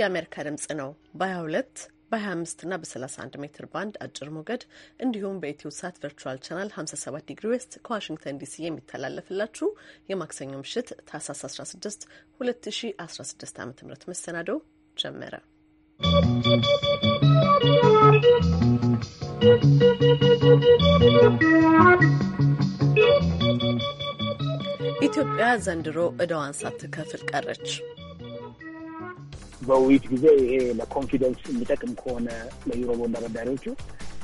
የአሜሪካ ድምጽ ነው በ22 በ25 እና በ31 ሜትር ባንድ አጭር ሞገድ እንዲሁም በኢትዮ ሳት ቨርቹዋል ቻናል 57 ዲግሪ ዌስት ከዋሽንግተን ዲሲ የሚተላለፍላችሁ የማክሰኞ ምሽት ታህሳስ 16 2016 ዓ ም መሰናደው ጀመረ። ኢትዮጵያ ዘንድሮ እደዋን ሳትከፍል ቀረች። በውይይት ጊዜ ይሄ ለኮንፊደንስ የሚጠቅም ከሆነ ለዩሮቦንድ አበዳሪዎቹ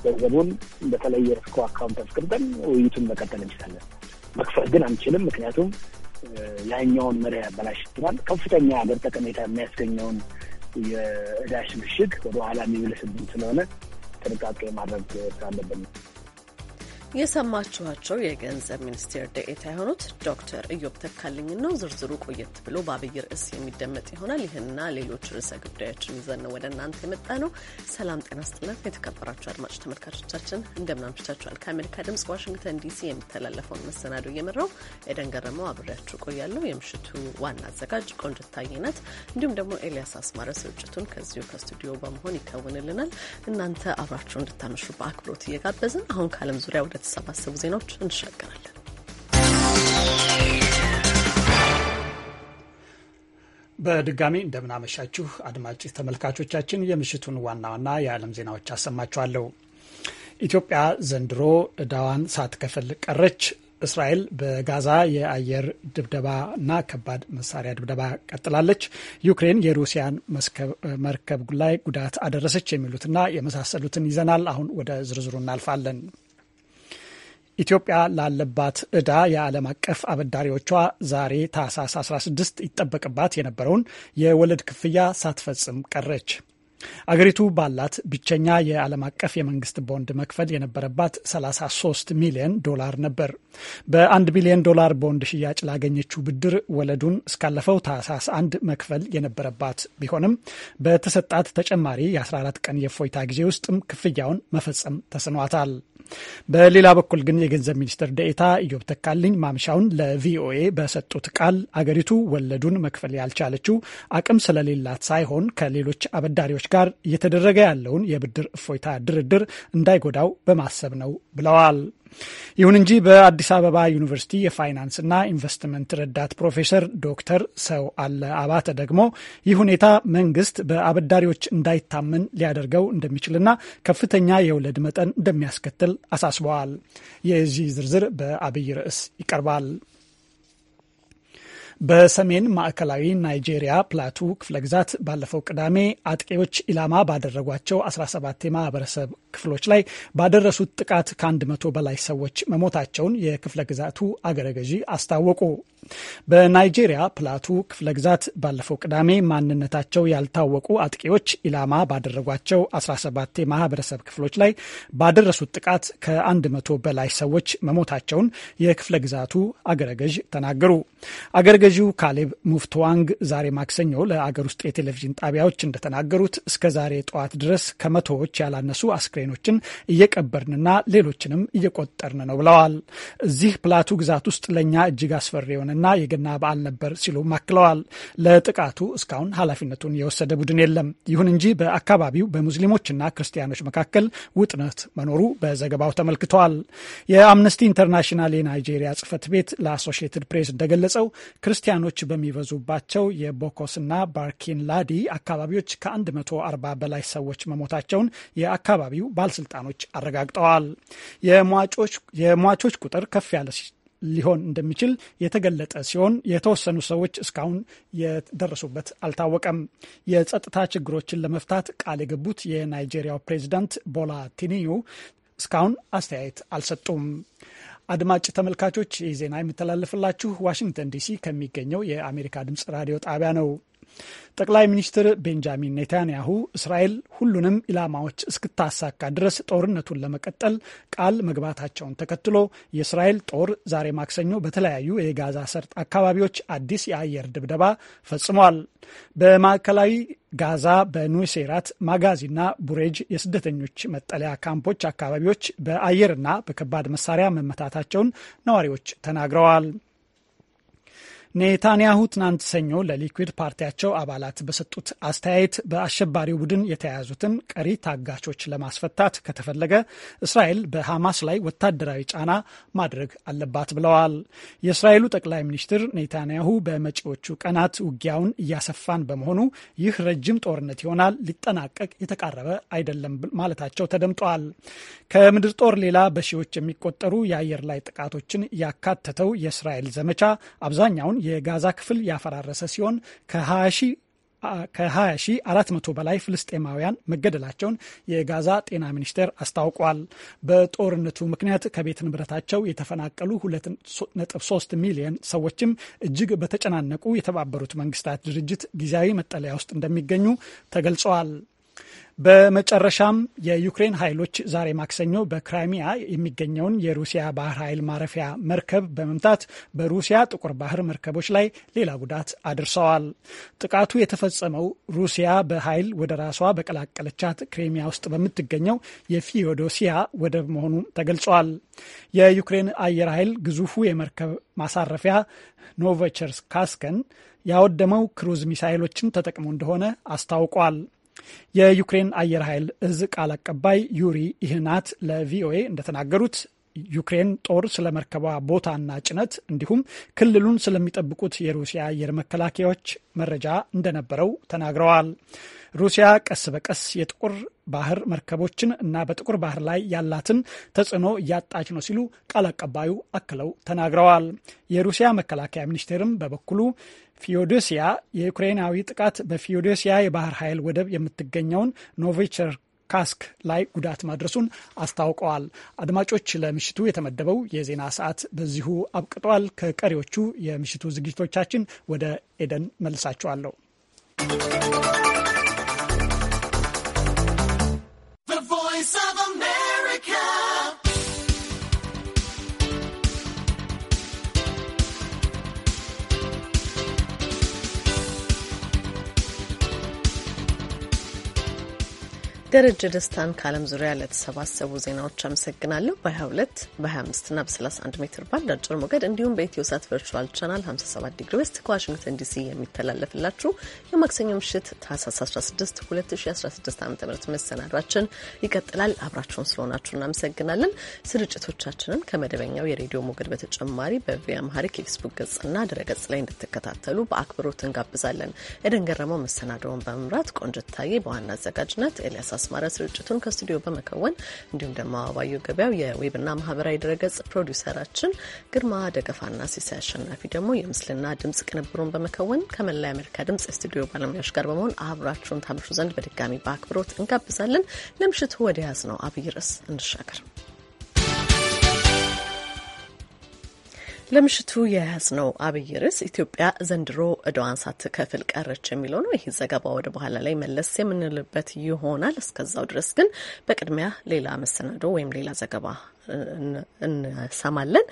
ገንዘቡን በተለየ ስኮ አካውንት አስቀምጠን ውይይቱን መቀጠል እንችላለን። መክፈል ግን አንችልም፣ ምክንያቱም ያኛውን መሪ ያበላሽብናል። ከፍተኛ ሀገር ጠቀሜታ የሚያስገኘውን የእዳ ሽግሽግ ወደ ኋላ የሚብልስብን ስለሆነ ጥንቃቄ ማድረግ ስላለብን የሰማችኋቸው የገንዘብ ሚኒስቴር ደኤታ የሆኑት ዶክተር እዮብ ተካልኝ ነው። ዝርዝሩ ቆየት ብሎ በአብይ ርዕስ የሚደመጥ ይሆናል። ይህና ሌሎች ርዕሰ ጉዳዮችን ይዘን ነው ወደ እናንተ የመጣ ነው። ሰላም ጤና ስጥነት የተከበራችሁ አድማጭ ተመልካቾቻችን እንደምን ከአሜሪካ ድምጽ ዋሽንግተን ዲሲ የሚተላለፈውን መሰናዶ እየመራው ኤደን ገረመው አብሬያችሁ ቆያለሁ። የምሽቱ ዋና አዘጋጅ ቆንጅት ናት። እንዲሁም ደግሞ ኤልያስ አስማረ ስርጭቱን ከዚሁ ከስቱዲዮ በመሆን ይከውንልናል። እናንተ አብራችሁ እንድታመሹ በአክብሮት እየጋበዝን አሁን ከአለም ዙሪያ ወደ ወደተሰባሰቡ ዜናዎች እንሻገራለን። በድጋሚ እንደምናመሻችሁ አድማጭ ተመልካቾቻችን፣ የምሽቱን ዋና ዋና የዓለም ዜናዎች አሰማችኋለሁ። ኢትዮጵያ ዘንድሮ ሳት ሳትከፍል ቀረች። እስራኤል በጋዛ የአየር ድብደባና ከባድ መሳሪያ ድብደባ ቀጥላለች። ዩክሬን የሩሲያን መርከብ ላይ ጉዳት አደረሰች። የሚሉትና የመሳሰሉትን ይዘናል። አሁን ወደ ዝርዝሩ እናልፋለን። ኢትዮጵያ ላለባት ዕዳ የዓለም አቀፍ አበዳሪዎቿ ዛሬ ታህሳስ 16 ይጠበቅባት የነበረውን የወለድ ክፍያ ሳትፈጽም ቀረች። አገሪቱ ባላት ብቸኛ የዓለም አቀፍ የመንግስት ቦንድ መክፈል የነበረባት 33 ሚሊዮን ዶላር ነበር። በ1 ቢሊዮን ዶላር ቦንድ ሽያጭ ላገኘችው ብድር ወለዱን እስካለፈው ታህሳስ 1 መክፈል የነበረባት ቢሆንም በተሰጣት ተጨማሪ የ14 ቀን የእፎይታ ጊዜ ውስጥም ክፍያውን መፈጸም ተስኗታል። በሌላ በኩል ግን የገንዘብ ሚኒስትር ደኤታ ኢዮብ ተካልኝ ማምሻውን ለቪኦኤ በሰጡት ቃል አገሪቱ ወለዱን መክፈል ያልቻለችው አቅም ስለሌላት ሳይሆን ከሌሎች አበዳሪዎች ጋር እየተደረገ ያለውን የብድር እፎይታ ድርድር እንዳይጎዳው በማሰብ ነው ብለዋል። ይሁን እንጂ በአዲስ አበባ ዩኒቨርሲቲ የፋይናንስና ኢንቨስትመንት ረዳት ፕሮፌሰር ዶክተር ሰው አለ አባተ ደግሞ ይህ ሁኔታ መንግስት በአበዳሪዎች እንዳይታመን ሊያደርገው እንደሚችልና ከፍተኛ የወለድ መጠን እንደሚያስከትል አሳስበዋል። የዚህ ዝርዝር በአብይ ርዕስ ይቀርባል። በሰሜን ማዕከላዊ ናይጄሪያ ፕላቱ ክፍለ ግዛት ባለፈው ቅዳሜ አጥቂዎች ኢላማ ባደረጓቸው 17 የማህበረሰብ ክፍሎች ላይ ባደረሱት ጥቃት ከአንድ መቶ በላይ ሰዎች መሞታቸውን የክፍለ ግዛቱ አገረ ገዢ አስታወቁ። በናይጄሪያ ፕላቱ ክፍለ ግዛት ባለፈው ቅዳሜ ማንነታቸው ያልታወቁ አጥቂዎች ኢላማ ባደረጓቸው 17 የማህበረሰብ ክፍሎች ላይ ባደረሱት ጥቃት ከ100 በላይ ሰዎች መሞታቸውን የክፍለ ግዛቱ አገረገዥ ተናገሩ። አገረገዢው ካሌብ ሙፍትዋንግ ዛሬ ማክሰኞ ለአገር ውስጥ የቴሌቪዥን ጣቢያዎች እንደተናገሩት እስከ ዛሬ ጠዋት ድረስ ከመቶዎች ያላነሱ አስክሬኖችን እየቀበርንና ሌሎችንም እየቆጠርን ነው ብለዋል። እዚህ ፕላቱ ግዛት ውስጥ ለእኛ እጅግ አስፈሪ የሆነ እና የገና በዓል ነበር ሲሉ ማክለዋል። ለጥቃቱ እስካሁን ኃላፊነቱን የወሰደ ቡድን የለም። ይሁን እንጂ በአካባቢው በሙስሊሞችና ክርስቲያኖች መካከል ውጥረት መኖሩ በዘገባው ተመልክተዋል። የአምነስቲ ኢንተርናሽናል የናይጄሪያ ጽህፈት ቤት ለአሶሺየትድ ፕሬስ እንደገለጸው ክርስቲያኖች በሚበዙባቸው የቦኮስና ባርኪን ላዲ አካባቢዎች ከ140 በላይ ሰዎች መሞታቸውን የአካባቢው ባለስልጣኖች አረጋግጠዋል። የሟቾች ቁጥር ከፍ ያለ ሊሆን እንደሚችል የተገለጠ ሲሆን የተወሰኑ ሰዎች እስካሁን የደረሱበት አልታወቀም። የጸጥታ ችግሮችን ለመፍታት ቃል የገቡት የናይጄሪያው ፕሬዚዳንት ቦላ ቲኒዩ እስካሁን አስተያየት አልሰጡም። አድማጭ ተመልካቾች ይህ ዜና የሚተላለፍላችሁ ዋሽንግተን ዲሲ ከሚገኘው የአሜሪካ ድምጽ ራዲዮ ጣቢያ ነው። ጠቅላይ ሚኒስትር ቤንጃሚን ኔታንያሁ እስራኤል ሁሉንም ኢላማዎች እስክታሳካ ድረስ ጦርነቱን ለመቀጠል ቃል መግባታቸውን ተከትሎ የእስራኤል ጦር ዛሬ ማክሰኞ በተለያዩ የጋዛ ሰርጥ አካባቢዎች አዲስ የአየር ድብደባ ፈጽሟል። በማዕከላዊ ጋዛ በኑሴራት ማጋዚና ቡሬጅ የስደተኞች መጠለያ ካምፖች አካባቢዎች በአየርና በከባድ መሳሪያ መመታታቸውን ነዋሪዎች ተናግረዋል። ኔታንያሁ ትናንት ሰኞ ለሊኩድ ፓርቲያቸው አባላት በሰጡት አስተያየት በአሸባሪው ቡድን የተያያዙትን ቀሪ ታጋቾች ለማስፈታት ከተፈለገ እስራኤል በሐማስ ላይ ወታደራዊ ጫና ማድረግ አለባት ብለዋል። የእስራኤሉ ጠቅላይ ሚኒስትር ኔታንያሁ በመጪዎቹ ቀናት ውጊያውን እያሰፋን በመሆኑ ይህ ረጅም ጦርነት ይሆናል፣ ሊጠናቀቅ የተቃረበ አይደለም ማለታቸው ተደምጧል። ከምድር ጦር ሌላ በሺዎች የሚቆጠሩ የአየር ላይ ጥቃቶችን ያካተተው የእስራኤል ዘመቻ አብዛኛውን የጋዛ ክፍል ያፈራረሰ ሲሆን ከ20 ሺ 400 በላይ ፍልስጤማውያን መገደላቸውን የጋዛ ጤና ሚኒስቴር አስታውቋል። በጦርነቱ ምክንያት ከቤት ንብረታቸው የተፈናቀሉ 2.3 ሚሊዮን ሰዎችም እጅግ በተጨናነቁ የተባበሩት መንግስታት ድርጅት ጊዜያዊ መጠለያ ውስጥ እንደሚገኙ ተገልጸዋል። በመጨረሻም የዩክሬን ኃይሎች ዛሬ ማክሰኞ በክራይሚያ የሚገኘውን የሩሲያ ባህር ኃይል ማረፊያ መርከብ በመምታት በሩሲያ ጥቁር ባህር መርከቦች ላይ ሌላ ጉዳት አድርሰዋል። ጥቃቱ የተፈጸመው ሩሲያ በኃይል ወደ ራሷ በቀላቀለቻት ክሬሚያ ውስጥ በምትገኘው የፊዮዶሲያ ወደብ መሆኑ ተገልጿል። የዩክሬን አየር ኃይል ግዙፉ የመርከብ ማሳረፊያ ካስከን ያወደመው ክሩዝ ሚሳይሎችን ተጠቅሞ እንደሆነ አስታውቋል። የዩክሬን አየር ኃይል እዝ ቃል አቀባይ ዩሪ ይህናት ለቪኦኤ እንደተናገሩት ዩክሬን ጦር ስለ መርከቧ ቦታና ጭነት እንዲሁም ክልሉን ስለሚጠብቁት የሩሲያ አየር መከላከያዎች መረጃ እንደነበረው ተናግረዋል። ሩሲያ ቀስ በቀስ የጦር ባህር መርከቦችን እና በጥቁር ባህር ላይ ያላትን ተጽዕኖ እያጣች ነው ሲሉ ቃል አቀባዩ አክለው ተናግረዋል። የሩሲያ መከላከያ ሚኒስቴርም በበኩሉ ፊዮዶሲያ የዩክሬናዊ ጥቃት በፊዮዶሲያ የባህር ኃይል ወደብ የምትገኘውን ኖቬቸር ካስክ ላይ ጉዳት ማድረሱን አስታውቀዋል። አድማጮች፣ ለምሽቱ የተመደበው የዜና ሰዓት በዚሁ አብቅጠዋል። ከቀሪዎቹ የምሽቱ ዝግጅቶቻችን ወደ ኤደን መልሳችኋለሁ። ደረጀ ደስታን ከዓለም ዙሪያ ለተሰባሰቡ ዜናዎች አመሰግናለሁ። በ22 በ25 ና በ31 ሜትር ባንድ አጭር ሞገድ እንዲሁም በኢትዮ ሳት ቨርቹዋል ቻናል 57 ዲግሪ ዌስት ከዋሽንግተን ዲሲ የሚተላለፍላችሁ የማክሰኞ ምሽት ታህሳስ 16 2016 ዓ ም መሰናዷችን ይቀጥላል። አብራችሁን ስለሆናችሁ እናመሰግናለን። ስርጭቶቻችንን ከመደበኛው የሬዲዮ ሞገድ በተጨማሪ በቪያ አምሃሪክ የፌስቡክ ገጽና ድረገጽ ላይ እንድትከታተሉ በአክብሮት እንጋብዛለን። የደንገረመው መሰናደውን መሰናዶውን በመምራት ታዬ በዋና አዘጋጅነት ኤልያስ አስማረ ስርጭቱን ከስቱዲዮ በመከወን እንዲሁም ደግሞ አባዩ ገበያው የዌብና ማህበራዊ ድረገጽ ፕሮዲውሰራችን ግርማ ደገፋና ሲሳይ አሸናፊ ደግሞ የምስልና ድምጽ ቅንብሩን በመከወን ከመላ የአሜሪካ ድምጽ የስቱዲዮ ባለሙያዎች ጋር በመሆን አብራችሁን ታምሹ ዘንድ በድጋሚ በአክብሮት እንጋብዛለን። ለምሽቱ ወደ ያዝ ነው አብይ ርዕስ እንሻገር። ለምሽቱ የያዝነው አብይ ርዕስ ኢትዮጵያ ዘንድሮ ሳት ሳትከፍል ቀረች የሚለው ነው። ይህ ዘገባ ወደ በኋላ ላይ መለስ የምንልበት ይሆናል። እስከዛው ድረስ ግን በቅድሚያ ሌላ መሰናዶ ወይም ሌላ ዘገባ እንሰማለን።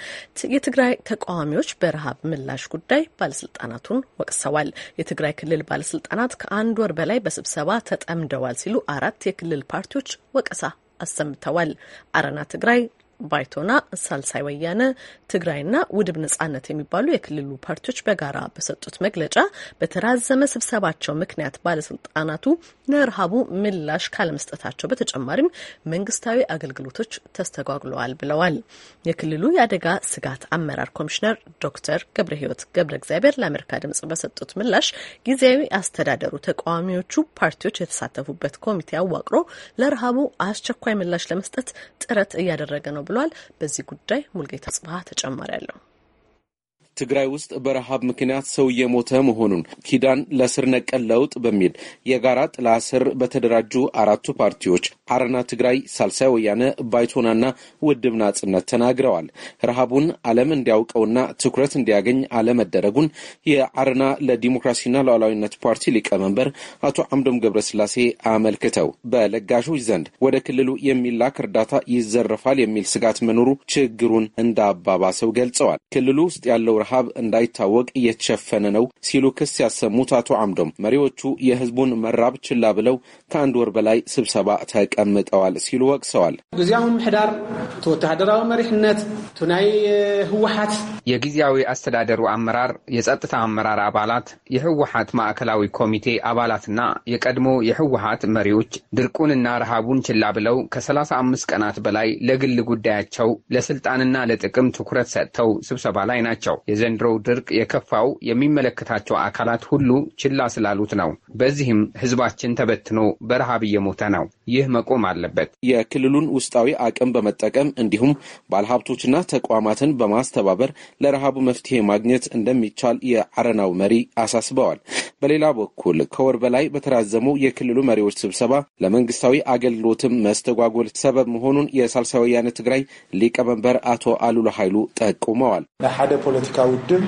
የትግራይ ተቃዋሚዎች በረሃብ ምላሽ ጉዳይ ባለስልጣናቱን ወቅሰዋል። የትግራይ ክልል ባለስልጣናት ከአንድ ወር በላይ በስብሰባ ተጠምደዋል ሲሉ አራት የክልል ፓርቲዎች ወቀሳ አሰምተዋል። አረና ትግራይ ባይቶና፣ ሳልሳይ ወያነ ትግራይና ውድብ ነጻነት የሚባሉ የክልሉ ፓርቲዎች በጋራ በሰጡት መግለጫ በተራዘመ ስብሰባቸው ምክንያት ባለስልጣናቱ ለረሃቡ ምላሽ ካለመስጠታቸው በተጨማሪም መንግስታዊ አገልግሎቶች ተስተጓጉለዋል ብለዋል። የክልሉ የአደጋ ስጋት አመራር ኮሚሽነር ዶክተር ገብረ ህይወት ገብረ እግዚአብሔር ለአሜሪካ ድምጽ በሰጡት ምላሽ ጊዜያዊ አስተዳደሩ ተቃዋሚዎቹ ፓርቲዎች የተሳተፉበት ኮሚቴ አዋቅሮ ለረሃቡ አስቸኳይ ምላሽ ለመስጠት ጥረት እያደረገ ነው ተጥሏል። በዚህ ጉዳይ ሙልጌታ ጽባሀ ተጨማሪ አለው። ትግራይ ውስጥ በረሃብ ምክንያት ሰው እየሞተ መሆኑን ኪዳን ለስር ነቀል ለውጥ በሚል የጋራ ጥላ ስር በተደራጁ አራቱ ፓርቲዎች አረና ትግራይ፣ ሳልሳይ ወያነ፣ ባይቶናና ውድብ ናጽነት ተናግረዋል። ረሃቡን ዓለም እንዲያውቀውና ትኩረት እንዲያገኝ አለመደረጉን የአረና ለዲሞክራሲና ለሉዓላዊነት ፓርቲ ሊቀመንበር አቶ አምዶም ገብረስላሴ አመልክተው በለጋሾች ዘንድ ወደ ክልሉ የሚላክ እርዳታ ይዘረፋል የሚል ስጋት መኖሩ ችግሩን እንዳባባሰው ገልጸዋል። ክልሉ ውስጥ ያለው ረሃብ እንዳይታወቅ እየተሸፈነ ነው ሲሉ ክስ ያሰሙት አቶ አምዶም መሪዎቹ የህዝቡን መራብ ችላ ብለው ከአንድ ወር በላይ ስብሰባ ተቀምጠዋል ሲሉ ወቅሰዋል። ግዚያዊ ምሕዳር እቲ ወታደራዊ መሪሕነት እቲ ናይ ህወሓት የጊዜያዊ አስተዳደሩ አመራር፣ የጸጥታ አመራር አባላት፣ የህወሓት ማዕከላዊ ኮሚቴ አባላትና የቀድሞ የህወሓት መሪዎች ድርቁንና ረሃቡን ችላ ብለው ከ35 ቀናት በላይ ለግል ጉዳያቸው ለስልጣንና ለጥቅም ትኩረት ሰጥተው ስብሰባ ላይ ናቸው። የዘንድሮው ድርቅ የከፋው የሚመለከታቸው አካላት ሁሉ ችላ ስላሉት ነው። በዚህም ህዝባችን ተበትኖ በረሃብ እየሞተ ነው። ይህ መቆም አለበት። የክልሉን ውስጣዊ አቅም በመጠቀም እንዲሁም ባለሀብቶችና ተቋማትን በማስተባበር ለረሃቡ መፍትሄ ማግኘት እንደሚቻል የአረናው መሪ አሳስበዋል። በሌላ በኩል ከወር በላይ በተራዘሙ የክልሉ መሪዎች ስብሰባ ለመንግስታዊ አገልግሎትም መስተጓጎል ሰበብ መሆኑን የሳልሳይ ወያነ ትግራይ ሊቀመንበር አቶ አሉላ ኃይሉ ጠቁመዋል። ናይ ሓደ ፖለቲካ ውድብ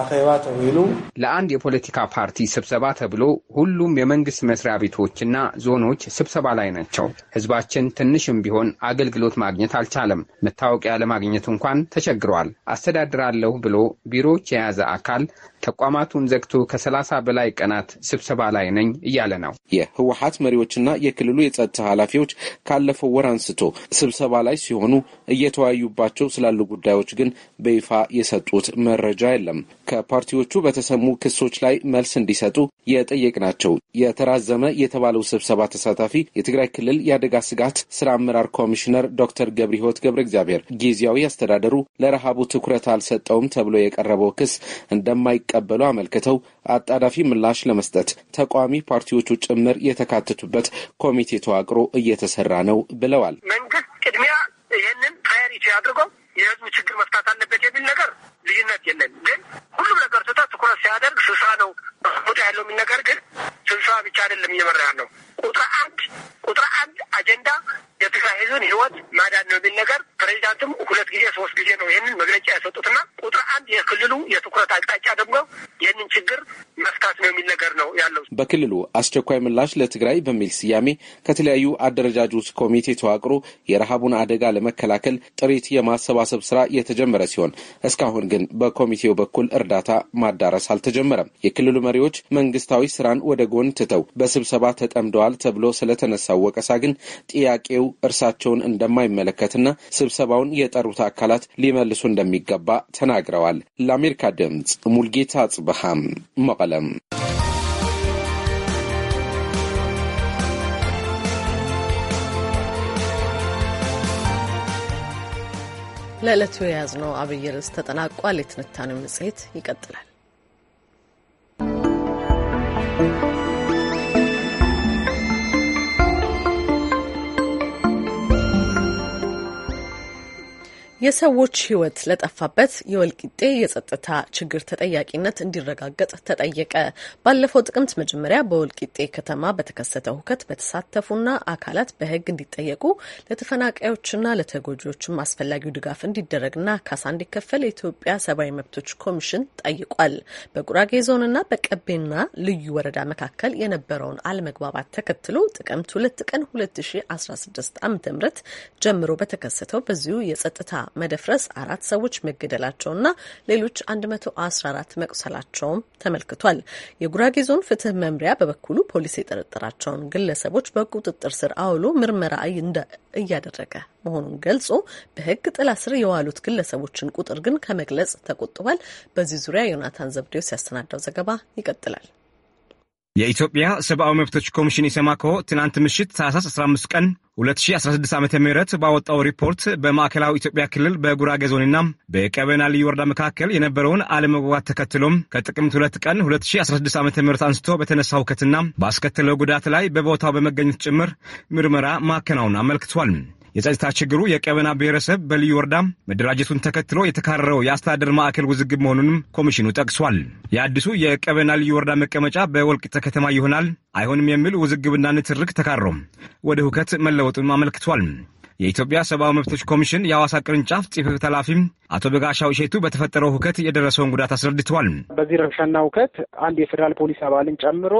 አኼባ ተብሎ ለአንድ የፖለቲካ ፓርቲ ስብሰባ ተብሎ ሁሉም የመንግስት መስሪያ ቤቶችና ዞኖች ስብሰባ ላይ ናቸው። ህዝባችን ትንሽም ቢሆን አገልግሎት ማግኘት አልቻለም። መታወቂያ ለማግኘት እንኳን ተቸግሯል። አስተዳድራለሁ ብሎ ቢሮዎች የያዘ አካል ተቋማቱን ዘግቶ ከሰላሳ በላይ ቀናት ስብሰባ ላይ ነኝ እያለ ነው። የህወሀት መሪዎችና የክልሉ የጸጥታ ኃላፊዎች ካለፈው ወር አንስቶ ስብሰባ ላይ ሲሆኑ እየተወያዩባቸው ስላሉ ጉዳዮች ግን በይፋ የሰጡት መረጃ የለም። ከፓርቲዎቹ በተሰሙ ክሶች ላይ መልስ እንዲሰጡ የጠየቅናቸው የተራዘመ የተባለው ስብሰባ ተሳታፊ የትግራይ ክልል የአደጋ ስጋት ስራ አመራር ኮሚሽነር ዶክተር ገብረ ህይወት ገብረ እግዚአብሔር ጊዜያዊ አስተዳደሩ ለረሃቡ ትኩረት አልሰጠውም ተብሎ የቀረበው ክስ እንደማይቀ እንደሚቀበሉ አመልክተው አጣዳፊ ምላሽ ለመስጠት ተቃዋሚ ፓርቲዎቹ ጭምር የተካተቱበት ኮሚቴ ተዋቅሮ እየተሰራ ነው ብለዋል። መንግስት ቅድሚያ ይህንን ፕራዮሪቲ አድርጎ የህዝቡ ችግር መፍታት አለበት የሚል ነገር ልዩነት የለን። ግን ሁሉም ነገር ትቶ ትኩረት ሲያደርግ ስልሳ ነው ቦታ ያለው የሚል ነገር ግን ስልሳ ብቻ አይደለም እየመራ ያለው ቁጥር አንድ ቁጥር አንድ አጀንዳ የትግራይ ህዝብን ህይወት ማዳን ነው የሚል ነገር ፕሬዚዳንትም ሁለት ጊዜ ሶስት ጊዜ ነው ይህንን መግለጫ የሰጡትና ቁጥር አንድ የክልሉ የትኩረት አቅጣጫ ደግሞ ይህንን ችግር መፍታት ነው የሚል ነገር ነው ያለው። በክልሉ አስቸኳይ ምላሽ ለትግራይ በሚል ስያሜ ከተለያዩ አደረጃጆች ኮሚቴ ተዋቅሮ የረሃቡን አደጋ ለመከላከል ጥሪት የማሰባሰብ ስራ የተጀመረ ሲሆን እስካሁን ግን በኮሚቴው በኩል እርዳታ ማዳረስ አልተጀመረም። የክልሉ መሪዎች መንግስታዊ ስራን ወደ ጎን ትተው በስብሰባ ተጠምደዋል ተደርጓል ተብሎ ስለተነሳው ወቀሳ ግን ጥያቄው እርሳቸውን እንደማይመለከትና ስብሰባውን የጠሩት አካላት ሊመልሱ እንደሚገባ ተናግረዋል። ለአሜሪካ ድምፅ ሙልጌታ አጽብሃም መቀለም። ለዕለቱ የያዝነው አብይ ርዕስ ተጠናቋል። የትንታኔው መጽሔት ይቀጥላል። የሰዎች ሕይወት ለጠፋበት የወልቂጤ የጸጥታ ችግር ተጠያቂነት እንዲረጋገጥ ተጠየቀ። ባለፈው ጥቅምት መጀመሪያ በወልቂጤ ከተማ በተከሰተ ሁከት በተሳተፉና አካላት በሕግ እንዲጠየቁ ለተፈናቃዮችና ለተጎጂዎችም አስፈላጊው ድጋፍ እንዲደረግና ካሳ እንዲከፈል የኢትዮጵያ ሰብአዊ መብቶች ኮሚሽን ጠይቋል። በጉራጌ ዞንና በቀቤና ልዩ ወረዳ መካከል የነበረውን አለመግባባት ተከትሎ ጥቅምት ሁለት ቀን 2016 ዓ.ም ጀምሮ በተከሰተው በዚሁ የጸጥታ መደፍረስ አራት ሰዎች መገደላቸውና ሌሎች 114 መቁሰላቸውም ተመልክቷል። የጉራጌ ዞን ፍትህ መምሪያ በበኩሉ ፖሊስ የጠረጠራቸውን ግለሰቦች በቁጥጥር ስር አውሎ ምርመራ እያደረገ መሆኑን ገልጾ በህግ ጥላ ስር የዋሉት ግለሰቦችን ቁጥር ግን ከመግለጽ ተቆጥቧል። በዚህ ዙሪያ ዮናታን ዘብዴው ሲያስተናዳው ዘገባ ይቀጥላል። የኢትዮጵያ ሰብአዊ መብቶች ኮሚሽን ኢሰማኮ ትናንት ምሽት ታህሳስ 15 ቀን 2016 ዓ ም ባወጣው ሪፖርት በማዕከላዊ ኢትዮጵያ ክልል በጉራጌ ዞንና በቀበና ልዩ ወረዳ መካከል የነበረውን አለመግባባት ተከትሎም ከጥቅምት 2 ቀን 2016 ዓ ም አንስቶ በተነሳ ውከትና ባስከተለው ጉዳት ላይ በቦታው በመገኘት ጭምር ምርመራ ማከናወን አመልክቷል። የጸጥታ ችግሩ የቀበና ብሔረሰብ በልዩ ወረዳ መደራጀቱን ተከትሎ የተካረረው የአስተዳደር ማዕከል ውዝግብ መሆኑንም ኮሚሽኑ ጠቅሷል። የአዲሱ የቀበና ልዩ ወረዳ መቀመጫ በወልቂጤ ከተማ ይሆናል አይሆንም የሚል ውዝግብና ንትርክ ተካሮ ወደ ሁከት መለወጡን አመልክቷል። የኢትዮጵያ ሰብአዊ መብቶች ኮሚሽን የአዋሳ ቅርንጫፍ ጽሕፈት ቤት ኃላፊም አቶ በጋሻው እሼቱ በተፈጠረው ሁከት የደረሰውን ጉዳት አስረድተዋል። በዚህ ረብሻና ሁከት አንድ የፌዴራል ፖሊስ አባልን ጨምሮ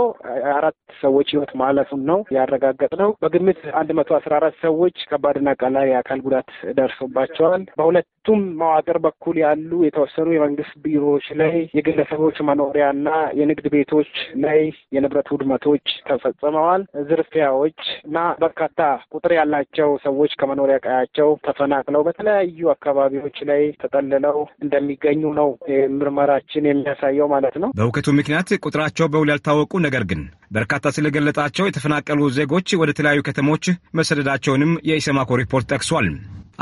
አራት ሰዎች ሕይወት ማለፉን ነው ያረጋገጥ ነው። በግምት አንድ መቶ አስራ አራት ሰዎች ከባድና ቀላል የአካል ጉዳት ደርሶባቸዋል። በሁለቱም መዋቅር በኩል ያሉ የተወሰኑ የመንግስት ቢሮዎች ላይ የግለሰቦች መኖሪያና የንግድ ቤቶች ላይ የንብረት ውድመቶች ተፈጽመዋል። ዝርፊያዎች እና በርካታ ቁጥር ያላቸው ሰዎች ከመኖሪያ ቀያቸው ተፈናቅለው በተለያዩ አካባቢዎች ላይ ተጠልለው እንደሚገኙ ነው ምርመራችን የሚያሳየው ማለት ነው። በእውከቱ ምክንያት ቁጥራቸው በውል ያልታወቁ ነገር ግን በርካታ ስለገለጣቸው የተፈናቀሉ ዜጎች ወደ ተለያዩ ከተሞች መሰደዳቸውንም የኢሰማኮ ሪፖርት ጠቅሷል።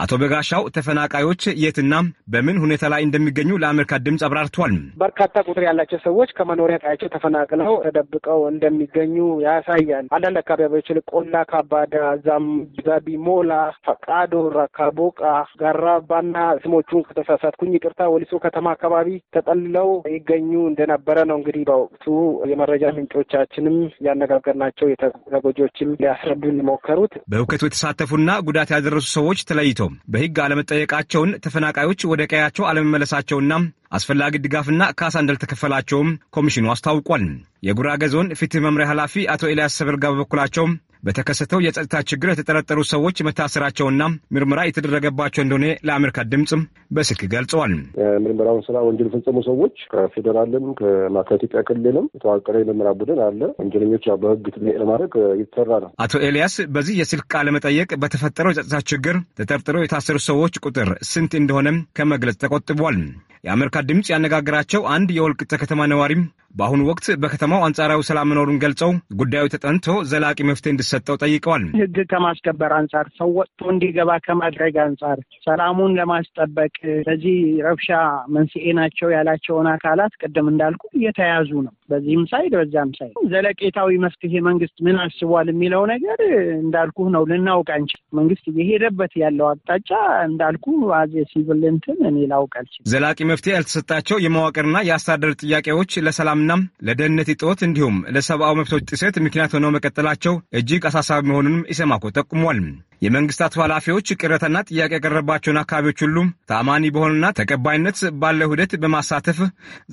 አቶ በጋሻው ተፈናቃዮች የትና በምን ሁኔታ ላይ እንደሚገኙ ለአሜሪካ ድምፅ አብራርቷል። በርካታ ቁጥር ያላቸው ሰዎች ከመኖሪያ ቀያቸው ተፈናቅለው ተደብቀው እንደሚገኙ ያሳያል። አንዳንድ አካባቢዎች ቆላ ካባዳ፣ ዛምዛቢ፣ ሞላ፣ ፈቃዶ፣ ረካቦቃ፣ ጋራባና ስሞቹን ከተሳሳትኩኝ ይቅርታ፣ ወሊሶ ከተማ አካባቢ ተጠልለው ይገኙ እንደነበረ ነው እንግዲህ በወቅቱ የመረጃ ምንጮቻችንም ያነጋገርናቸው የተጎጂዎችም ሊያስረዱን ሞከሩት። በእውከቱ የተሳተፉና ጉዳት ያደረሱ ሰዎች ተለይተዋል። ናቸው። በሕግ አለመጠየቃቸውን ተፈናቃዮች ወደ ቀያቸው አለመመለሳቸውና አስፈላጊ ድጋፍና ካሳ እንዳልተከፈላቸውም ኮሚሽኑ አስታውቋል። የጉራጌ ዞን ፍትህ መምሪያ ኃላፊ አቶ ኤልያስ ሰበርጋ በበኩላቸው በተከሰተው የጸጥታ ችግር የተጠረጠሩ ሰዎች መታሰራቸውና ምርመራ የተደረገባቸው እንደሆነ ለአሜሪካ ድምፅ በስልክ ገልጸዋል። የምርመራውን ስራ ወንጀል የፈጸሙ ሰዎች ከፌዴራልም ከማዕከላዊ ኢትዮጵያ ክልልም የተዋቀረ የምርመራ ቡድን አለ። ወንጀለኞች በህግ ለማድረግ የተሰራ ነው። አቶ ኤልያስ በዚህ የስልክ ቃለ መጠየቅ በተፈጠረው የጸጥታ ችግር ተጠርጥረው የታሰሩ ሰዎች ቁጥር ስንት እንደሆነም ከመግለጽ ተቆጥቧል። የአሜሪካ ድምፅ ያነጋገራቸው አንድ የወልቅጤ ከተማ ነዋሪም በአሁኑ ወቅት በከተማው አንጻራዊ ሰላም መኖሩን ገልጸው ጉዳዩ ተጠንቶ ዘላቂ መፍትሄ እንዲሰጠው ጠይቀዋል። ሕግ ከማስከበር አንጻር ሰው ወጥቶ እንዲገባ ከማድረግ አንጻር ሰላሙን ለማስጠበቅ ለዚህ ረብሻ መንስኤ ናቸው ያላቸውን አካላት ቅድም እንዳልኩ እየተያዙ ነው። በዚህም ሳይድ በዛም ሳይድ ዘለቄታዊ መፍትሄ መንግስት ምን አስቧል የሚለው ነገር እንዳልኩህ ነው ልናውቅ አንችል። መንግስት እየሄደበት ያለው አቅጣጫ እንዳልኩ አዜ ሲቪል እንትን እኔ ላውቅ አልችል። ዘላቂ መፍትሄ ያልተሰጣቸው የመዋቅርና የአስተዳደር ጥያቄዎች ለሰላምና ለደህንነት እጦት እንዲሁም ለሰብአዊ መብቶች ጥሰት ምክንያት ሆነው መቀጠላቸው እጅግ አሳሳቢ መሆኑንም ኢሰማኮ ጠቁሟል። የመንግስታቱ ኃላፊዎች ቅሬታና ጥያቄ ያቀረባቸውን አካባቢዎች ሁሉም ታማኒ በሆኑና ተቀባይነት ባለው ሂደት በማሳተፍ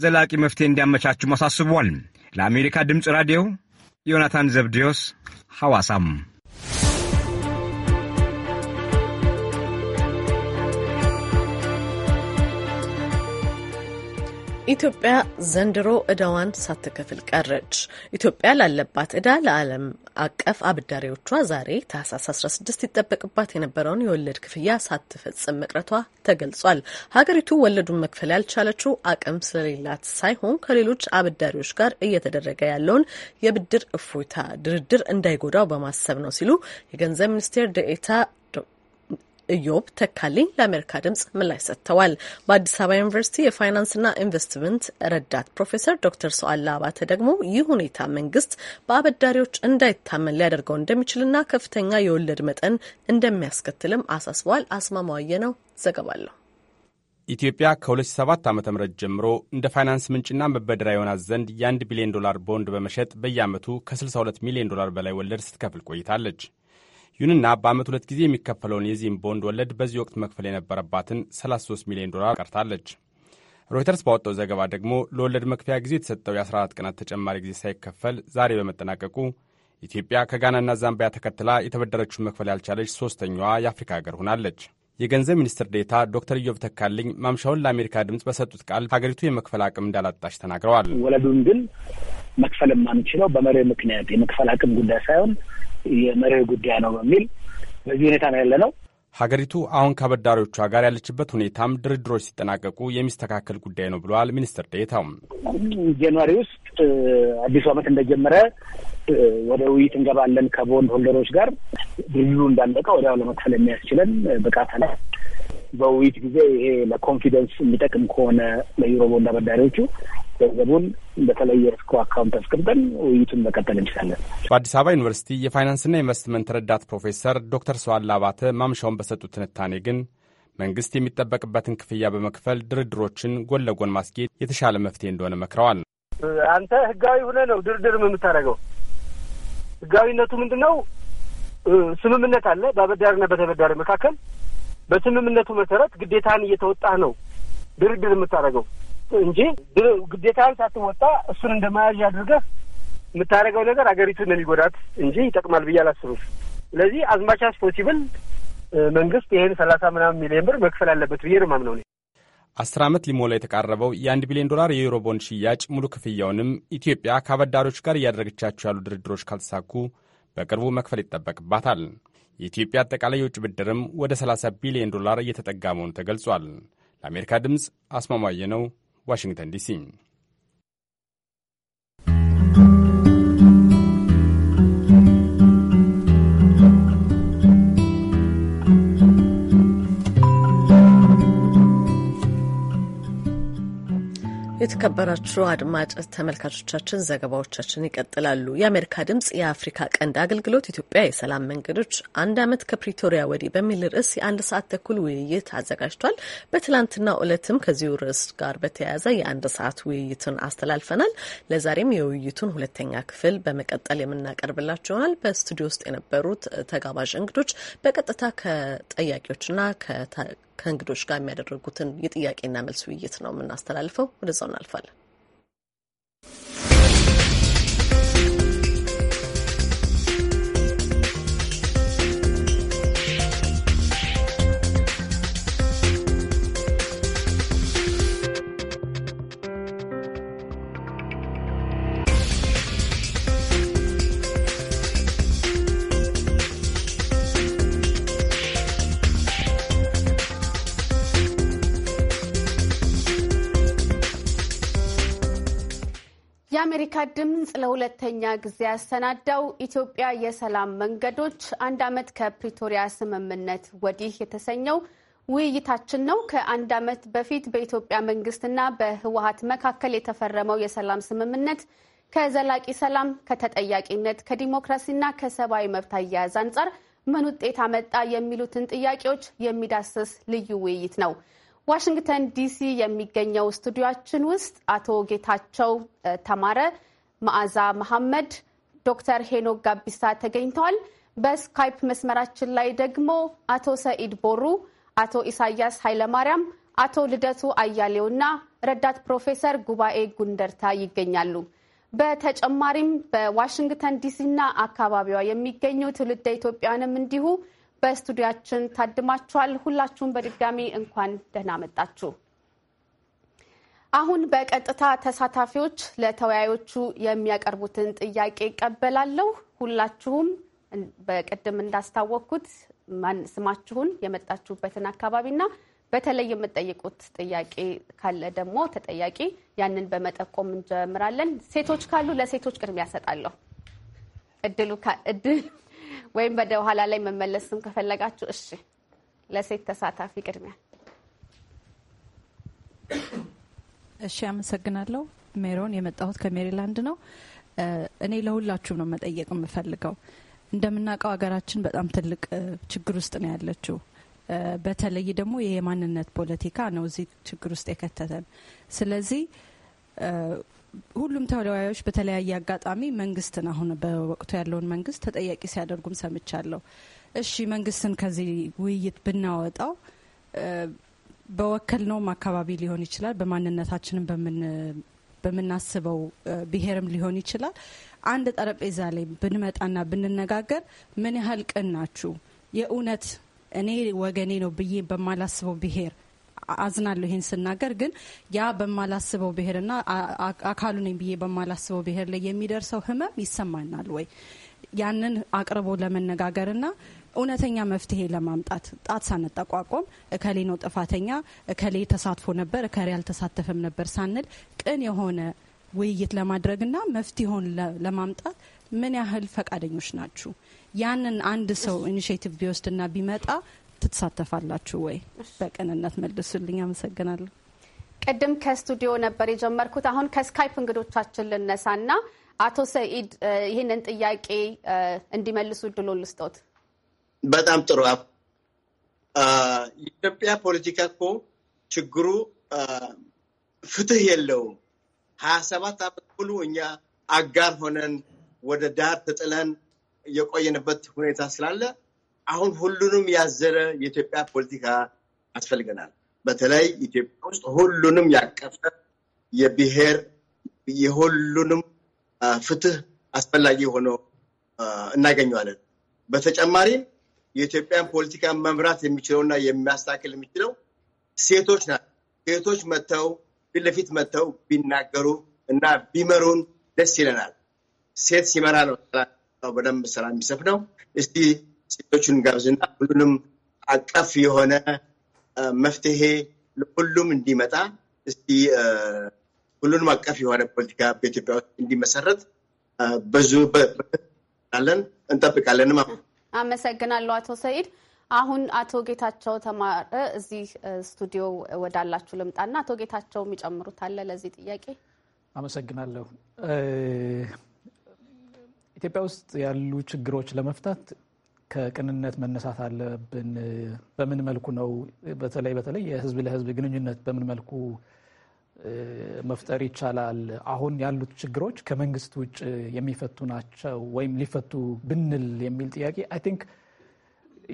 ዘላቂ መፍትሄ እንዲያመቻቹም አሳስቧል። ለአሜሪካ ድምፅ ራዲዮ ዮናታን ዘብዲዮስ ሐዋሳም ኢትዮጵያ ዘንድሮ እዳዋን ሳትከፍል ቀረች። ኢትዮጵያ ላለባት እዳ ለዓለም አቀፍ አበዳሪዎቿ ዛሬ ታህሳስ 16 ይጠበቅባት የነበረውን የወለድ ክፍያ ሳትፈጽም መቅረቷ ተገልጿል። ሀገሪቱ ወለዱን መክፈል ያልቻለችው አቅም ስለሌላት ሳይሆን ከሌሎች አበዳሪዎች ጋር እየተደረገ ያለውን የብድር እፎይታ ድርድር እንዳይጎዳው በማሰብ ነው ሲሉ የገንዘብ ሚኒስቴር ደኤታ ኢዮብ ተካልኝ ለአሜሪካ ድምጽ ምላሽ ሰጥተዋል። በአዲስ አበባ ዩኒቨርሲቲ የፋይናንስና ኢንቨስትመንት ረዳት ፕሮፌሰር ዶክተር ሰዋላ አባተ ደግሞ ይህ ሁኔታ መንግስት በአበዳሪዎች እንዳይታመን ሊያደርገው እንደሚችልና ከፍተኛ የወለድ መጠን እንደሚያስከትልም አሳስበዋል። አስማማዋየ ነው ዘገባለሁ። ኢትዮጵያ ከ2007 ዓ ም ጀምሮ እንደ ፋይናንስ ምንጭና መበደሪያ የሆናት ዘንድ የ1 ቢሊዮን ዶላር ቦንድ በመሸጥ በየዓመቱ ከ62 ሚሊዮን ዶላር በላይ ወለድ ስትከፍል ቆይታለች። ይሁንና በዓመት ሁለት ጊዜ የሚከፈለውን የዚህም ቦንድ ወለድ በዚህ ወቅት መክፈል የነበረባትን 33 ሚሊዮን ዶላር ቀርታለች። ሮይተርስ ባወጣው ዘገባ ደግሞ ለወለድ መክፈያ ጊዜ የተሰጠው የ14 ቀናት ተጨማሪ ጊዜ ሳይከፈል ዛሬ በመጠናቀቁ ኢትዮጵያ ከጋናና ዛምቢያ ተከትላ የተበደረችውን መክፈል ያልቻለች ሦስተኛዋ የአፍሪካ ሀገር ሆናለች። የገንዘብ ሚኒስትር ዴታ ዶክተር ኢዮብ ተካልኝ ማምሻውን ለአሜሪካ ድምፅ በሰጡት ቃል ሀገሪቱ የመክፈል አቅም እንዳላጣች ተናግረዋል። ወለዱን ግን መክፈል የማንችለው በመሪ ምክንያት የመክፈል አቅም ጉዳይ ሳይሆን የመርህ ጉዳይ ነው በሚል በዚህ ሁኔታ ነው ያለ ነው። ሀገሪቱ አሁን ከበዳሪዎቿ ጋር ያለችበት ሁኔታም ድርድሮች ሲጠናቀቁ የሚስተካከል ጉዳይ ነው ብለዋል ሚኒስትር ዴኤታው። ጃንዋሪ ውስጥ አዲሱ ዓመት እንደጀመረ ወደ ውይይት እንገባለን ከቦንድ ሆልደሮች ጋር ድርድሩ እንዳለቀ ወዲያው ለመክፈል የሚያስችለን ብቃት አለ። በውይይት ጊዜ ይሄ ለኮንፊደንስ የሚጠቅም ከሆነ ለዩሮ ቦንድ አበዳሪዎቹ ገንዘቡን በተለየ ርስኮ አካውንት አስቀምጠን ውይይቱን መቀጠል እንችላለን። በአዲስ አበባ ዩኒቨርሲቲ የፋይናንስና ኢንቨስትመንት ረዳት ፕሮፌሰር ዶክተር ሰዋላ አባተ ማምሻውን በሰጡት ትንታኔ ግን መንግስት የሚጠበቅበትን ክፍያ በመክፈል ድርድሮችን ጎን ለጎን ማስጌጥ የተሻለ መፍትሄ እንደሆነ መክረዋል። አንተ ህጋዊ ሆነ ነው ድርድርም የምታደርገው። ህጋዊነቱ ምንድን ነው? ስምምነት አለ በአበዳሪና በተበዳሪ መካከል። በስምምነቱ መሰረት ግዴታን እየተወጣህ ነው ድርድር የምታደርገው። እንጂ ግዴታህን ሳትወጣ እሱን እንደ መያዣ አድርገህ የምታደርገው ነገር አገሪቱን ሊጎዳት እንጂ ይጠቅማል ብዬ አላስብም። ስለዚህ አዝማቻስ ፖሲብል መንግስት ይህን ሰላሳ ምናምን ሚሊዮን ብር መክፈል አለበት ብዬ ነው ማምነው እኔ። አስር ዓመት ሊሞላ የተቃረበው የአንድ ቢሊዮን ዶላር የዩሮ ቦንድ ሽያጭ ሙሉ ክፍያውንም ኢትዮጵያ ከአበዳሪዎች ጋር እያደረገቻቸው ያሉ ድርድሮች ካልተሳኩ በቅርቡ መክፈል ይጠበቅባታል። የኢትዮጵያ አጠቃላይ የውጭ ብድርም ወደ 30 ቢሊዮን ዶላር እየተጠጋ መሆኑ ተገልጿል። ለአሜሪካ ድምፅ አስማማየ ነው፣ 华盛顿的信。የተከበራችሁ አድማጭ ተመልካቾቻችን ዘገባዎቻችን ይቀጥላሉ። የአሜሪካ ድምጽ የአፍሪካ ቀንድ አገልግሎት ኢትዮጵያ የሰላም መንገዶች አንድ ዓመት ከፕሪቶሪያ ወዲህ በሚል ርዕስ የአንድ ሰዓት ተኩል ውይይት አዘጋጅቷል። በትላንትና ዕለትም ከዚሁ ርዕስ ጋር በተያያዘ የአንድ ሰዓት ውይይትን አስተላልፈናል። ለዛሬም የውይይቱን ሁለተኛ ክፍል በመቀጠል የምናቀርብላችኋል። በስቱዲዮ ውስጥ የነበሩት ተጋባዥ እንግዶች በቀጥታ ከጠያቂዎችና ከእንግዶች ጋር የሚያደረጉትን የጥያቄና መልስ ውይይት ነው የምናስተላልፈው። ወደዛው እናልፋለን። የአሜሪካ ድምፅ ለሁለተኛ ጊዜ ያሰናዳው ኢትዮጵያ የሰላም መንገዶች አንድ ዓመት ከፕሪቶሪያ ስምምነት ወዲህ የተሰኘው ውይይታችን ነው። ከአንድ ዓመት በፊት በኢትዮጵያ መንግስትና በህወሀት መካከል የተፈረመው የሰላም ስምምነት ከዘላቂ ሰላም፣ ከተጠያቂነት፣ ከዲሞክራሲና ከሰብአዊ መብት አያያዝ አንጻር ምን ውጤት አመጣ የሚሉትን ጥያቄዎች የሚዳስስ ልዩ ውይይት ነው። ዋሽንግተን ዲሲ የሚገኘው ስቱዲዮችን ውስጥ አቶ ጌታቸው ተማረ፣ መዓዛ መሐመድ፣ ዶክተር ሄኖክ ጋቢሳ ተገኝተዋል። በስካይፕ መስመራችን ላይ ደግሞ አቶ ሰኢድ ቦሩ፣ አቶ ኢሳያስ ኃይለማርያም፣ አቶ ልደቱ አያሌውና ረዳት ፕሮፌሰር ጉባኤ ጉንደርታ ይገኛሉ። በተጨማሪም በዋሽንግተን ዲሲና አካባቢዋ የሚገኙ ትውልደ ኢትዮጵያንም እንዲሁ በስቱዲያችን ታድማችኋል። ሁላችሁም በድጋሚ እንኳን ደህና መጣችሁ። አሁን በቀጥታ ተሳታፊዎች ለተወያዮቹ የሚያቀርቡትን ጥያቄ ይቀበላለሁ። ሁላችሁም በቅድም እንዳስታወቅኩት ማን ስማችሁን፣ የመጣችሁበትን አካባቢና በተለይ የምጠይቁት ጥያቄ ካለ ደግሞ ተጠያቂ ያንን በመጠቆም እንጀምራለን። ሴቶች ካሉ ለሴቶች ቅድሚያ ሰጣለሁ እድሉ ወይም ወደ ኋላ ላይ መመለስም ከፈለጋችሁ እሺ። ለሴት ተሳታፊ ቅድሚያ እሺ፣ አመሰግናለሁ። ሜሮን፣ የመጣሁት ከሜሪላንድ ነው። እኔ ለሁላችሁም ነው መጠየቅ የምፈልገው። እንደምናውቀው ሀገራችን በጣም ትልቅ ችግር ውስጥ ነው ያለችው። በተለይ ደግሞ የማንነት ፖለቲካ ነው እዚህ ችግር ውስጥ የከተተን። ስለዚህ ሁሉም ተወያዮች በተለያየ አጋጣሚ መንግስትን አሁን በወቅቱ ያለውን መንግስት ተጠያቂ ሲያደርጉም ሰምቻለሁ። እሺ መንግስትን ከዚህ ውይይት ብናወጣው በወከልነውም አካባቢ ሊሆን ይችላል፣ በማንነታችንም በምናስበው ብሔርም ሊሆን ይችላል። አንድ ጠረጴዛ ላይ ብንመጣና ብንነጋገር ምን ያህል ቅን ናችሁ የእውነት እኔ ወገኔ ነው ብዬ በማላስበው ብሄር? አዝናለሁ ይህን ስናገር፣ ግን ያ በማላስበው ብሔርና አካሉ ነኝ ብዬ በማላስበው ብሔር ላይ የሚደርሰው ህመም ይሰማናል ወይ? ያንን አቅርቦ ለመነጋገርና እውነተኛ መፍትሄ ለማምጣት ጣት ሳንጠቋቆም እከሌ ነው ጥፋተኛ፣ እከሌ ተሳትፎ ነበር፣ እከሌ አልተሳተፈም ነበር ሳንል ቅን የሆነ ውይይት ለማድረግና መፍትሄውን ለማምጣት ምን ያህል ፈቃደኞች ናችሁ? ያንን አንድ ሰው ኢኒሽቲቭ ቢወስድና ቢመጣ ትሳተፋላችሁ ወይ? በቅንነት መልሱልኝ። አመሰግናለሁ። ቅድም ከስቱዲዮ ነበር የጀመርኩት። አሁን ከስካይፕ እንግዶቻችን ልነሳ ና አቶ ሰኢድ ይህንን ጥያቄ እንዲመልሱ እድሉን ልስጦት። በጣም ጥሩ። የኢትዮጵያ ፖለቲካ እኮ ችግሩ ፍትህ የለውም። ሀያ ሰባት ዓመት ሙሉ እኛ አጋር ሆነን ወደ ዳር ተጥለን የቆየንበት ሁኔታ ስላለ አሁን ሁሉንም ያዘረ የኢትዮጵያ ፖለቲካ ያስፈልገናል። በተለይ ኢትዮጵያ ውስጥ ሁሉንም ያቀፈ የብሔር የሁሉንም ፍትህ አስፈላጊ ሆኖ እናገኘዋለን። በተጨማሪም የኢትዮጵያን ፖለቲካ መምራት የሚችለውና የሚያስተካክል የሚችለው ሴቶች ናት። ሴቶች መጥተው ፊት ለፊት መጥተው ቢናገሩ እና ቢመሩን ደስ ይለናል። ሴት ሲመራ ነው በደንብ ስራ የሚሰፍ ነው። እስቲ ሴቶቹን ጋብዝና ሁሉንም አቀፍ የሆነ መፍትሄ ለሁሉም እንዲመጣ እስቲ ሁሉንም አቀፍ የሆነ ፖለቲካ በኢትዮጵያ ውስጥ እንዲመሰረት ብዙ ለን እንጠብቃለንም። አመሰግናለሁ አቶ ሰይድ አሁን አቶ ጌታቸው ተማረ እዚህ ስቱዲዮ ወዳላችሁ ልምጣና አቶ ጌታቸው የሚጨምሩት አለ ለዚህ ጥያቄ? አመሰግናለሁ። ኢትዮጵያ ውስጥ ያሉ ችግሮች ለመፍታት ከቅንነት መነሳት አለብን። በምን መልኩ ነው በተለይ በተለይ የህዝብ ለህዝብ ግንኙነት በምን መልኩ መፍጠር ይቻላል? አሁን ያሉት ችግሮች ከመንግስት ውጭ የሚፈቱ ናቸው ወይም ሊፈቱ ብንል የሚል ጥያቄ አይ ቲንክ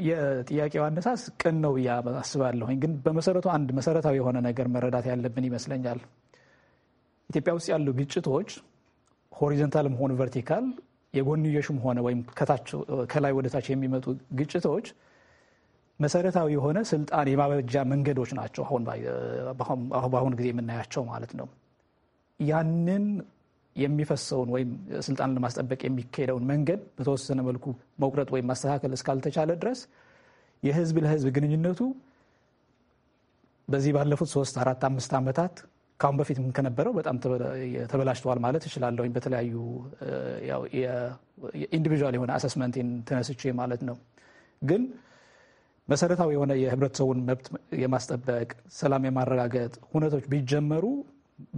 የጥያቄው አነሳስ ቅን ነው ብዬ አስባለሁኝ። ግን በመሰረቱ አንድ መሰረታዊ የሆነ ነገር መረዳት ያለብን ይመስለኛል። ኢትዮጵያ ውስጥ ያሉ ግጭቶች ሆሪዘንታልም ሆኑ ቨርቲካል የጎንዮሽም ሆነ ወይም ከላይ ወደ ታች የሚመጡ ግጭቶች መሰረታዊ የሆነ ስልጣን የማበጃ መንገዶች ናቸው። አሁን በአሁኑ ጊዜ የምናያቸው ማለት ነው። ያንን የሚፈሰውን ወይም ስልጣን ለማስጠበቅ የሚካሄደውን መንገድ በተወሰነ መልኩ መቁረጥ ወይም ማስተካከል እስካልተቻለ ድረስ የህዝብ ለህዝብ ግንኙነቱ በዚህ ባለፉት ሶስት አራት አምስት ዓመታት ከአሁን በፊት ከነበረው በጣም ተበላሽተዋል ማለት እችላለሁኝ። በተለያዩ ኢንዲቪዥዋል የሆነ አሰስመንቴን ተነስቼ ማለት ነው። ግን መሰረታዊ የሆነ የህብረተሰቡን መብት የማስጠበቅ ሰላም የማረጋገጥ ሁነቶች ቢጀመሩ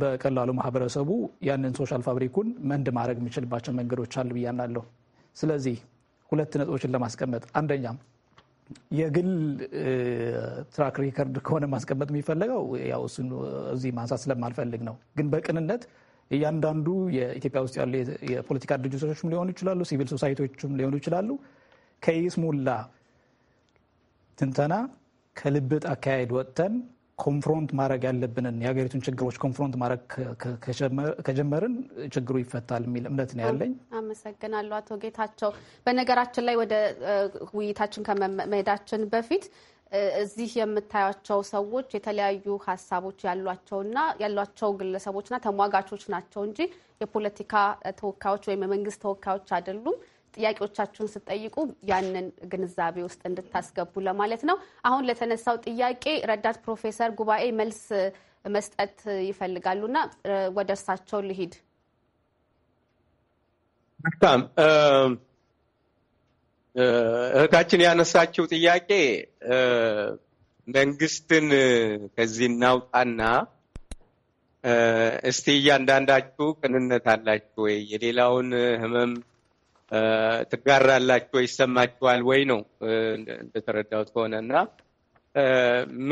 በቀላሉ ማህበረሰቡ ያንን ሶሻል ፋብሪኩን መንድ ማድረግ የሚችልባቸው መንገዶች አሉ ብዬ ስለዚህ ሁለት ነጥቦችን ለማስቀመጥ አንደኛም የግል ትራክ ሪከርድ ከሆነ ማስቀመጥ የሚፈለገው ያው እሱን እዚህ ማንሳት ስለማልፈልግ ነው። ግን በቅንነት እያንዳንዱ የኢትዮጵያ ውስጥ ያሉ የፖለቲካ ድርጅቶችም ሊሆኑ ይችላሉ፣ ሲቪል ሶሳይቲዎችም ሊሆኑ ይችላሉ። ከይስሙላ ትንተና ከልብጥ አካሄድ ወጥተን ኮንፍሮንት ማድረግ ያለብንን የሀገሪቱን ችግሮች ኮንፍሮንት ማድረግ ከጀመርን ችግሩ ይፈታል የሚል እምነት ነው ያለኝ። አመሰግናለሁ አቶ ጌታቸው። በነገራችን ላይ ወደ ውይይታችን ከመሄዳችን በፊት እዚህ የምታያቸው ሰዎች የተለያዩ ሀሳቦች ያሏቸውና ያሏቸው ግለሰቦችና ተሟጋቾች ናቸው እንጂ የፖለቲካ ተወካዮች ወይም የመንግስት ተወካዮች አይደሉም። ጥያቄዎቻችሁን ስጠይቁ ያንን ግንዛቤ ውስጥ እንድታስገቡ ለማለት ነው። አሁን ለተነሳው ጥያቄ ረዳት ፕሮፌሰር ጉባኤ መልስ መስጠት ይፈልጋሉና ወደ እርሳቸው ልሂድ። መልካም እህታችን ያነሳችው ጥያቄ መንግስትን ከዚህ እናውጣና እስቲ እያንዳንዳችሁ ቅንነት አላችሁ ወይ? የሌላውን ህመም ትጋራላችሁ ይሰማችኋል ወይ ነው እንደተረዳሁት ከሆነ እና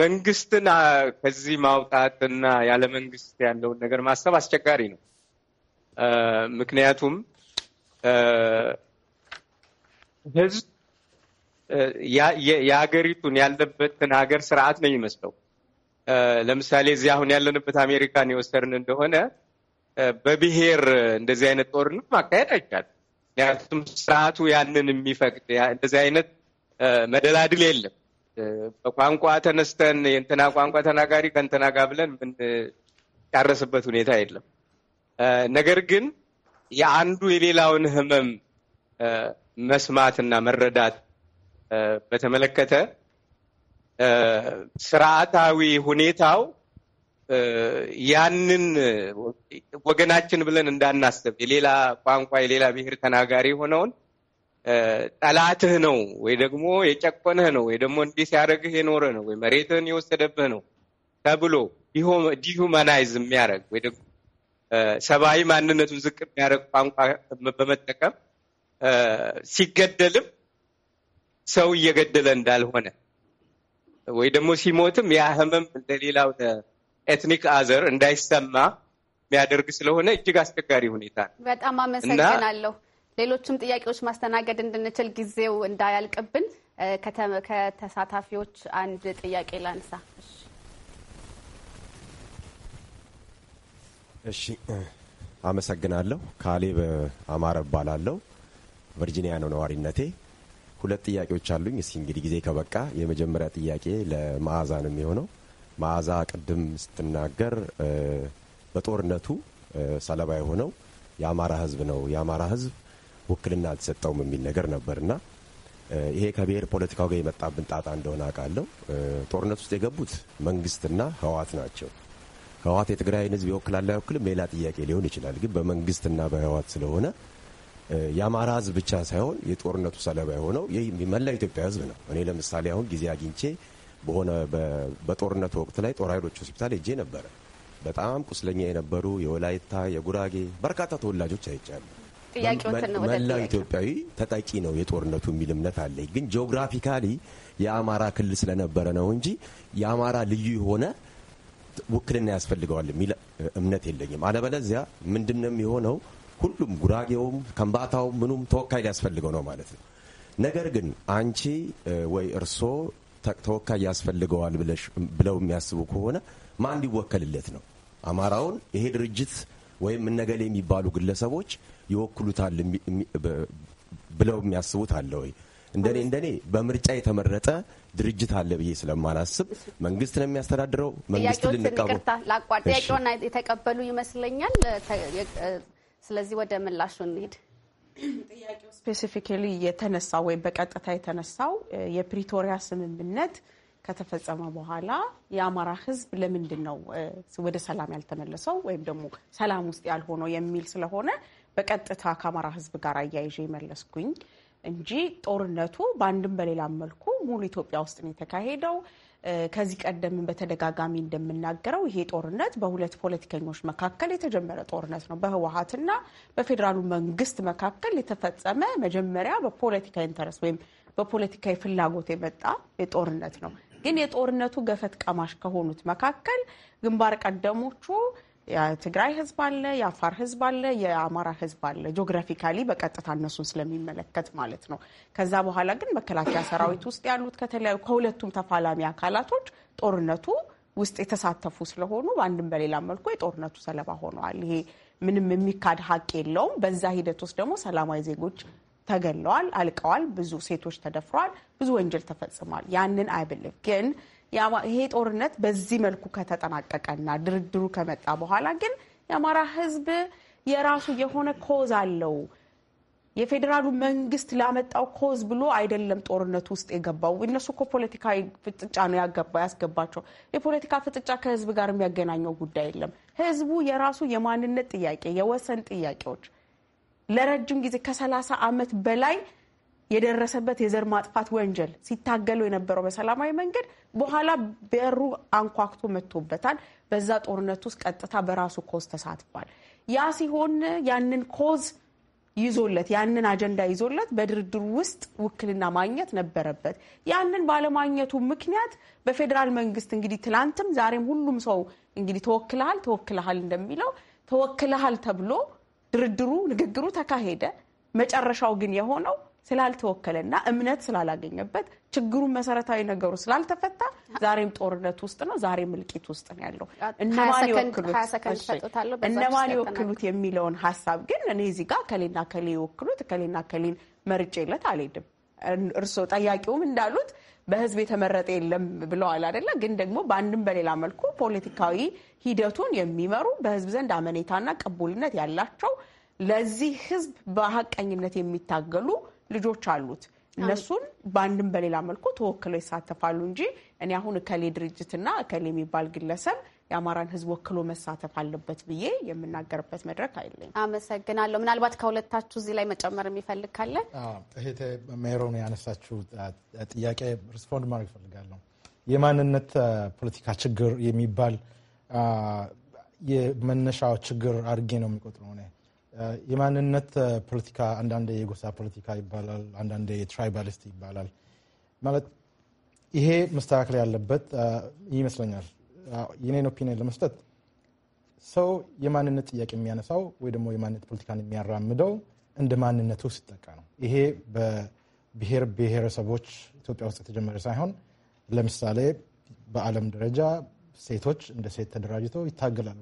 መንግስትን ከዚህ ማውጣትና ያለ መንግስት ያለውን ነገር ማሰብ አስቸጋሪ ነው። ምክንያቱም ህዝብ የሀገሪቱን ያለበትን ሀገር ስርዓት ነው የሚመስለው። ለምሳሌ እዚህ አሁን ያለንበት አሜሪካን የወሰድን እንደሆነ በብሔር እንደዚህ አይነት ጦርነት ማካሄድ አይቻልም። ምክንያቱም ስርዓቱ ያንን የሚፈቅድ እንደዚህ አይነት መደላድል የለም። በቋንቋ ተነስተን የእንትና ቋንቋ ተናጋሪ ከእንትና ጋር ብለን የምንጫረስበት ሁኔታ የለም። ነገር ግን የአንዱ የሌላውን ህመም መስማትና መረዳት በተመለከተ ስርዓታዊ ሁኔታው ያንን ወገናችን ብለን እንዳናስብ የሌላ ቋንቋ የሌላ ብሔር ተናጋሪ የሆነውን ጠላትህ ነው ወይ ደግሞ የጨቆንህ ነው ወይ ደግሞ እንዲህ ሲያደርግህ የኖረ ነው ወይ መሬትህን የወሰደብህ ነው ተብሎ ዲሁማናይዝ የሚያደርግ ወይ ደግሞ ሰብአዊ ማንነቱን ዝቅ የሚያደርግ ቋንቋ በመጠቀም ሲገደልም ሰው እየገደለ እንዳልሆነ ወይ ደግሞ ሲሞትም ያ ህመም እንደሌላው ኤትኒክ አዘር እንዳይሰማ የሚያደርግ ስለሆነ እጅግ አስቸጋሪ ሁኔታ ነው። በጣም አመሰግናለሁ። ሌሎችም ጥያቄዎች ማስተናገድ እንድንችል ጊዜው እንዳያልቅብን ከተሳታፊዎች አንድ ጥያቄ ላንሳ። እሺ፣ አመሰግናለሁ። ካሌብ አማረ እባላለሁ። ቨርጂኒያ ነው ነዋሪነቴ። ሁለት ጥያቄዎች አሉኝ። እስኪ እንግዲህ ጊዜ ከበቃ የመጀመሪያ ጥያቄ ለመዓዛ ነው የሚሆነው መዓዛ ቅድም ስትናገር በጦርነቱ ሰለባ የሆነው የአማራ ህዝብ ነው የአማራ ህዝብ ውክልና አልተሰጠውም የሚል ነገር ነበርና ይሄ ከብሔር ፖለቲካው ጋር የመጣብን ጣጣ እንደሆነ አውቃለሁ። ጦርነት ውስጥ የገቡት መንግስትና ህወሓት ናቸው። ህወሓት የትግራይን ህዝብ ይወክላል አይወክልም ሌላ ጥያቄ ሊሆን ይችላል። ግን በመንግስትና በህወሓት ስለሆነ የአማራ ህዝብ ብቻ ሳይሆን የጦርነቱ ሰለባ የሆነው መላ ኢትዮጵያ ህዝብ ነው። እኔ ለምሳሌ አሁን ጊዜ አግኝቼ በሆነ በጦርነት ወቅት ላይ ጦር ኃይሎች ሆስፒታል ሄጄ ነበረ። በጣም ቁስለኛ የነበሩ የወላይታ፣ የጉራጌ በርካታ ተወላጆች አይቻሉ። መላው ኢትዮጵያዊ ተጠቂ ነው የጦርነቱ የሚል እምነት አለኝ። ግን ጂኦግራፊካሊ የአማራ ክልል ስለነበረ ነው እንጂ የአማራ ልዩ የሆነ ውክልና ያስፈልገዋል የሚል እምነት የለኝም። አለበለዚያ ምንድነው የሆነው? ሁሉም ጉራጌውም፣ ከምባታውም ምኑም ተወካይ ሊያስፈልገው ነው ማለት ነው። ነገር ግን አንቺ ወይ እርሶ ተወካይ ያስፈልገዋል ብለው የሚያስቡ ከሆነ ማን ሊወከልለት ነው? አማራውን ይሄ ድርጅት ወይም እነገሌ የሚባሉ ግለሰቦች ይወክሉታል ብለው የሚያስቡት አለ ወይ? እንደኔ እንደኔ በምርጫ የተመረጠ ድርጅት አለ ብዬ ስለማላስብ መንግስት ነው የሚያስተዳድረው። መንግስት ልንቀበል ጥያቄውን የተቀበሉ ይመስለኛል። ስለዚህ ወደ ምላሹ እንሄድ። ጥያቄው ስፔሲፊካሊ የተነሳው ወይም በቀጥታ የተነሳው የፕሪቶሪያ ስምምነት ከተፈጸመ በኋላ የአማራ ሕዝብ ለምንድን ነው ወደ ሰላም ያልተመለሰው ወይም ደግሞ ሰላም ውስጥ ያልሆነው የሚል ስለሆነ በቀጥታ ከአማራ ሕዝብ ጋር አያይዤ የመለስኩኝ እንጂ ጦርነቱ በአንድም በሌላም መልኩ ሙሉ ኢትዮጵያ ውስጥ ነው የተካሄደው። ከዚህ ቀደም በተደጋጋሚ እንደምናገረው ይሄ ጦርነት በሁለት ፖለቲከኞች መካከል የተጀመረ ጦርነት ነው። በህወሀትና በፌዴራሉ መንግስት መካከል የተፈጸመ መጀመሪያ በፖለቲካ ኢንተረስት ወይም በፖለቲካዊ ፍላጎት የመጣ የጦርነት ነው። ግን የጦርነቱ ገፈት ቀማሽ ከሆኑት መካከል ግንባር ቀደሞቹ የትግራይ ህዝብ አለ፣ የአፋር ህዝብ አለ፣ የአማራ ህዝብ አለ። ጂኦግራፊካሊ በቀጥታ እነሱን ስለሚመለከት ማለት ነው። ከዛ በኋላ ግን መከላከያ ሰራዊት ውስጥ ያሉት ከተለያዩ ከሁለቱም ተፋላሚ አካላቶች ጦርነቱ ውስጥ የተሳተፉ ስለሆኑ በአንድም በሌላ መልኩ የጦርነቱ ሰለባ ሆነዋል። ይሄ ምንም የሚካድ ሀቅ የለውም። በዛ ሂደት ውስጥ ደግሞ ሰላማዊ ዜጎች ተገለዋል፣ አልቀዋል። ብዙ ሴቶች ተደፍረዋል፣ ብዙ ወንጀል ተፈጽሟል። ያንን አይብልም ግን ይሄ ጦርነት በዚህ መልኩ ከተጠናቀቀና ድርድሩ ከመጣ በኋላ ግን የአማራ ህዝብ የራሱ የሆነ ኮዝ አለው። የፌዴራሉ መንግስት ላመጣው ኮዝ ብሎ አይደለም ጦርነቱ ውስጥ የገባው። እነሱ እኮ ፖለቲካዊ ፍጥጫ ነው ያገባ ያስገባቸው። የፖለቲካ ፍጥጫ ከህዝብ ጋር የሚያገናኘው ጉዳይ የለም። ህዝቡ የራሱ የማንነት ጥያቄ፣ የወሰን ጥያቄዎች ለረጅም ጊዜ ከሰላሳ ዓመት በላይ የደረሰበት የዘር ማጥፋት ወንጀል ሲታገሉ የነበረው በሰላማዊ መንገድ በኋላ በሩ አንኳክቶ መጥቶበታል። በዛ ጦርነት ውስጥ ቀጥታ በራሱ ኮዝ ተሳትፏል። ያ ሲሆን ያንን ኮዝ ይዞለት ያንን አጀንዳ ይዞለት በድርድሩ ውስጥ ውክልና ማግኘት ነበረበት። ያንን ባለማግኘቱ ምክንያት በፌዴራል መንግስት እንግዲህ ትላንትም ዛሬም ሁሉም ሰው እንግዲህ ተወክልሃል ተወክልሃል እንደሚለው ተወክልሃል ተብሎ ድርድሩ፣ ንግግሩ ተካሄደ። መጨረሻው ግን የሆነው ስላልተወከለና እምነት ስላላገኘበት ችግሩን መሰረታዊ ነገሩ ስላልተፈታ ዛሬም ጦርነት ውስጥ ነው። ዛሬም እልቂት ውስጥ ነው ያለው። እነማን ይወክሉት የሚለውን ሀሳብ ግን እኔ እዚህ ጋር ከሌና ከሌ ይወክሉት ከሌና ከሌን መርጬለት አልሄድም። እርስዎ ጠያቂውም እንዳሉት በህዝብ የተመረጠ የለም ብለዋል አይደለ? ግን ደግሞ በአንድም በሌላ መልኩ ፖለቲካዊ ሂደቱን የሚመሩ በህዝብ ዘንድ አመኔታና ቅቡልነት ያላቸው ለዚህ ህዝብ በሀቀኝነት የሚታገሉ ልጆች አሉት። እነሱን በአንድም በሌላ መልኩ ተወክለው ይሳተፋሉ እንጂ እኔ አሁን እከሌ ድርጅትና እከሌ የሚባል ግለሰብ የአማራን ሕዝብ ወክሎ መሳተፍ አለበት ብዬ የምናገርበት መድረክ አይለኝ። አመሰግናለሁ። ምናልባት ከሁለታችሁ እዚህ ላይ መጨመር የሚፈልግ ካለ እህቴ ሜሮን ያነሳችው ጥያቄ ሪስፖንድ ማድረግ ይፈልጋለሁ። የማንነት ፖለቲካ ችግር የሚባል የመነሻ ችግር አድርጌ ነው የሚቆጥረው የማንነት ፖለቲካ አንዳንዴ የጎሳ ፖለቲካ ይባላል፣ አንዳንዴ የትራይባሊስት ይባላል። ማለት ይሄ መስተካከል ያለበት ይመስለኛል። የኔን ኦፒኒየን ለመስጠት ሰው የማንነት ጥያቄ የሚያነሳው ወይ ደግሞ የማንነት ፖለቲካን የሚያራምደው እንደ ማንነቱ ሲጠቃ ነው። ይሄ በብሔር ብሔረሰቦች ኢትዮጵያ ውስጥ የተጀመረ ሳይሆን ለምሳሌ በዓለም ደረጃ ሴቶች እንደ ሴት ተደራጅተው ይታገላሉ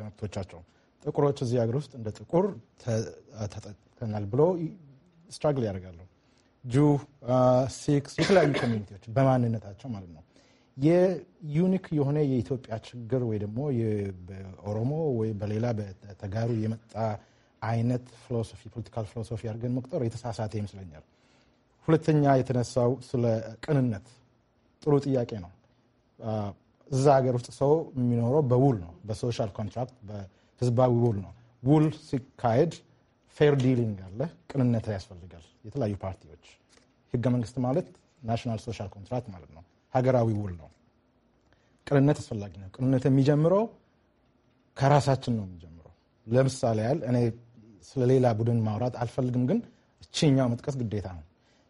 ለመብቶቻቸው። ጥቁሮች እዚህ ሀገር ውስጥ እንደ ጥቁር ተጠቅተናል ብሎ ስትራግል ያደርጋሉ። ጁ፣ ሲክስ፣ የተለያዩ ኮሚኒቲዎች በማንነታቸው ማለት ነው። የዩኒክ የሆነ የኢትዮጵያ ችግር ወይ ደግሞ በኦሮሞ ወይ በሌላ በተጋሩ የመጣ አይነት ፊሎሶፊ ፖለቲካል ፊሎሶፊ አድርገን መቁጠር የተሳሳተ ይመስለኛል። ሁለተኛ የተነሳው ስለ ቅንነት ጥሩ ጥያቄ ነው። እዛ ሀገር ውስጥ ሰው የሚኖረው በውል ነው፣ በሶሻል ኮንትራክት ህዝባዊ ውል ነው። ውል ሲካሄድ ፌር ዲሊንግ አለ፣ ቅንነት ያስፈልጋል። የተለያዩ ፓርቲዎች ህገ መንግስት ማለት ናሽናል ሶሻል ኮንትራክት ማለት ነው። ሀገራዊ ውል ነው። ቅንነት አስፈላጊ ነው። ቅንነት የሚጀምረው ከራሳችን ነው የሚጀምረው። ለምሳሌ ያህል እኔ ስለ ሌላ ቡድን ማውራት አልፈልግም፣ ግን እችኛው መጥቀስ ግዴታ ነው።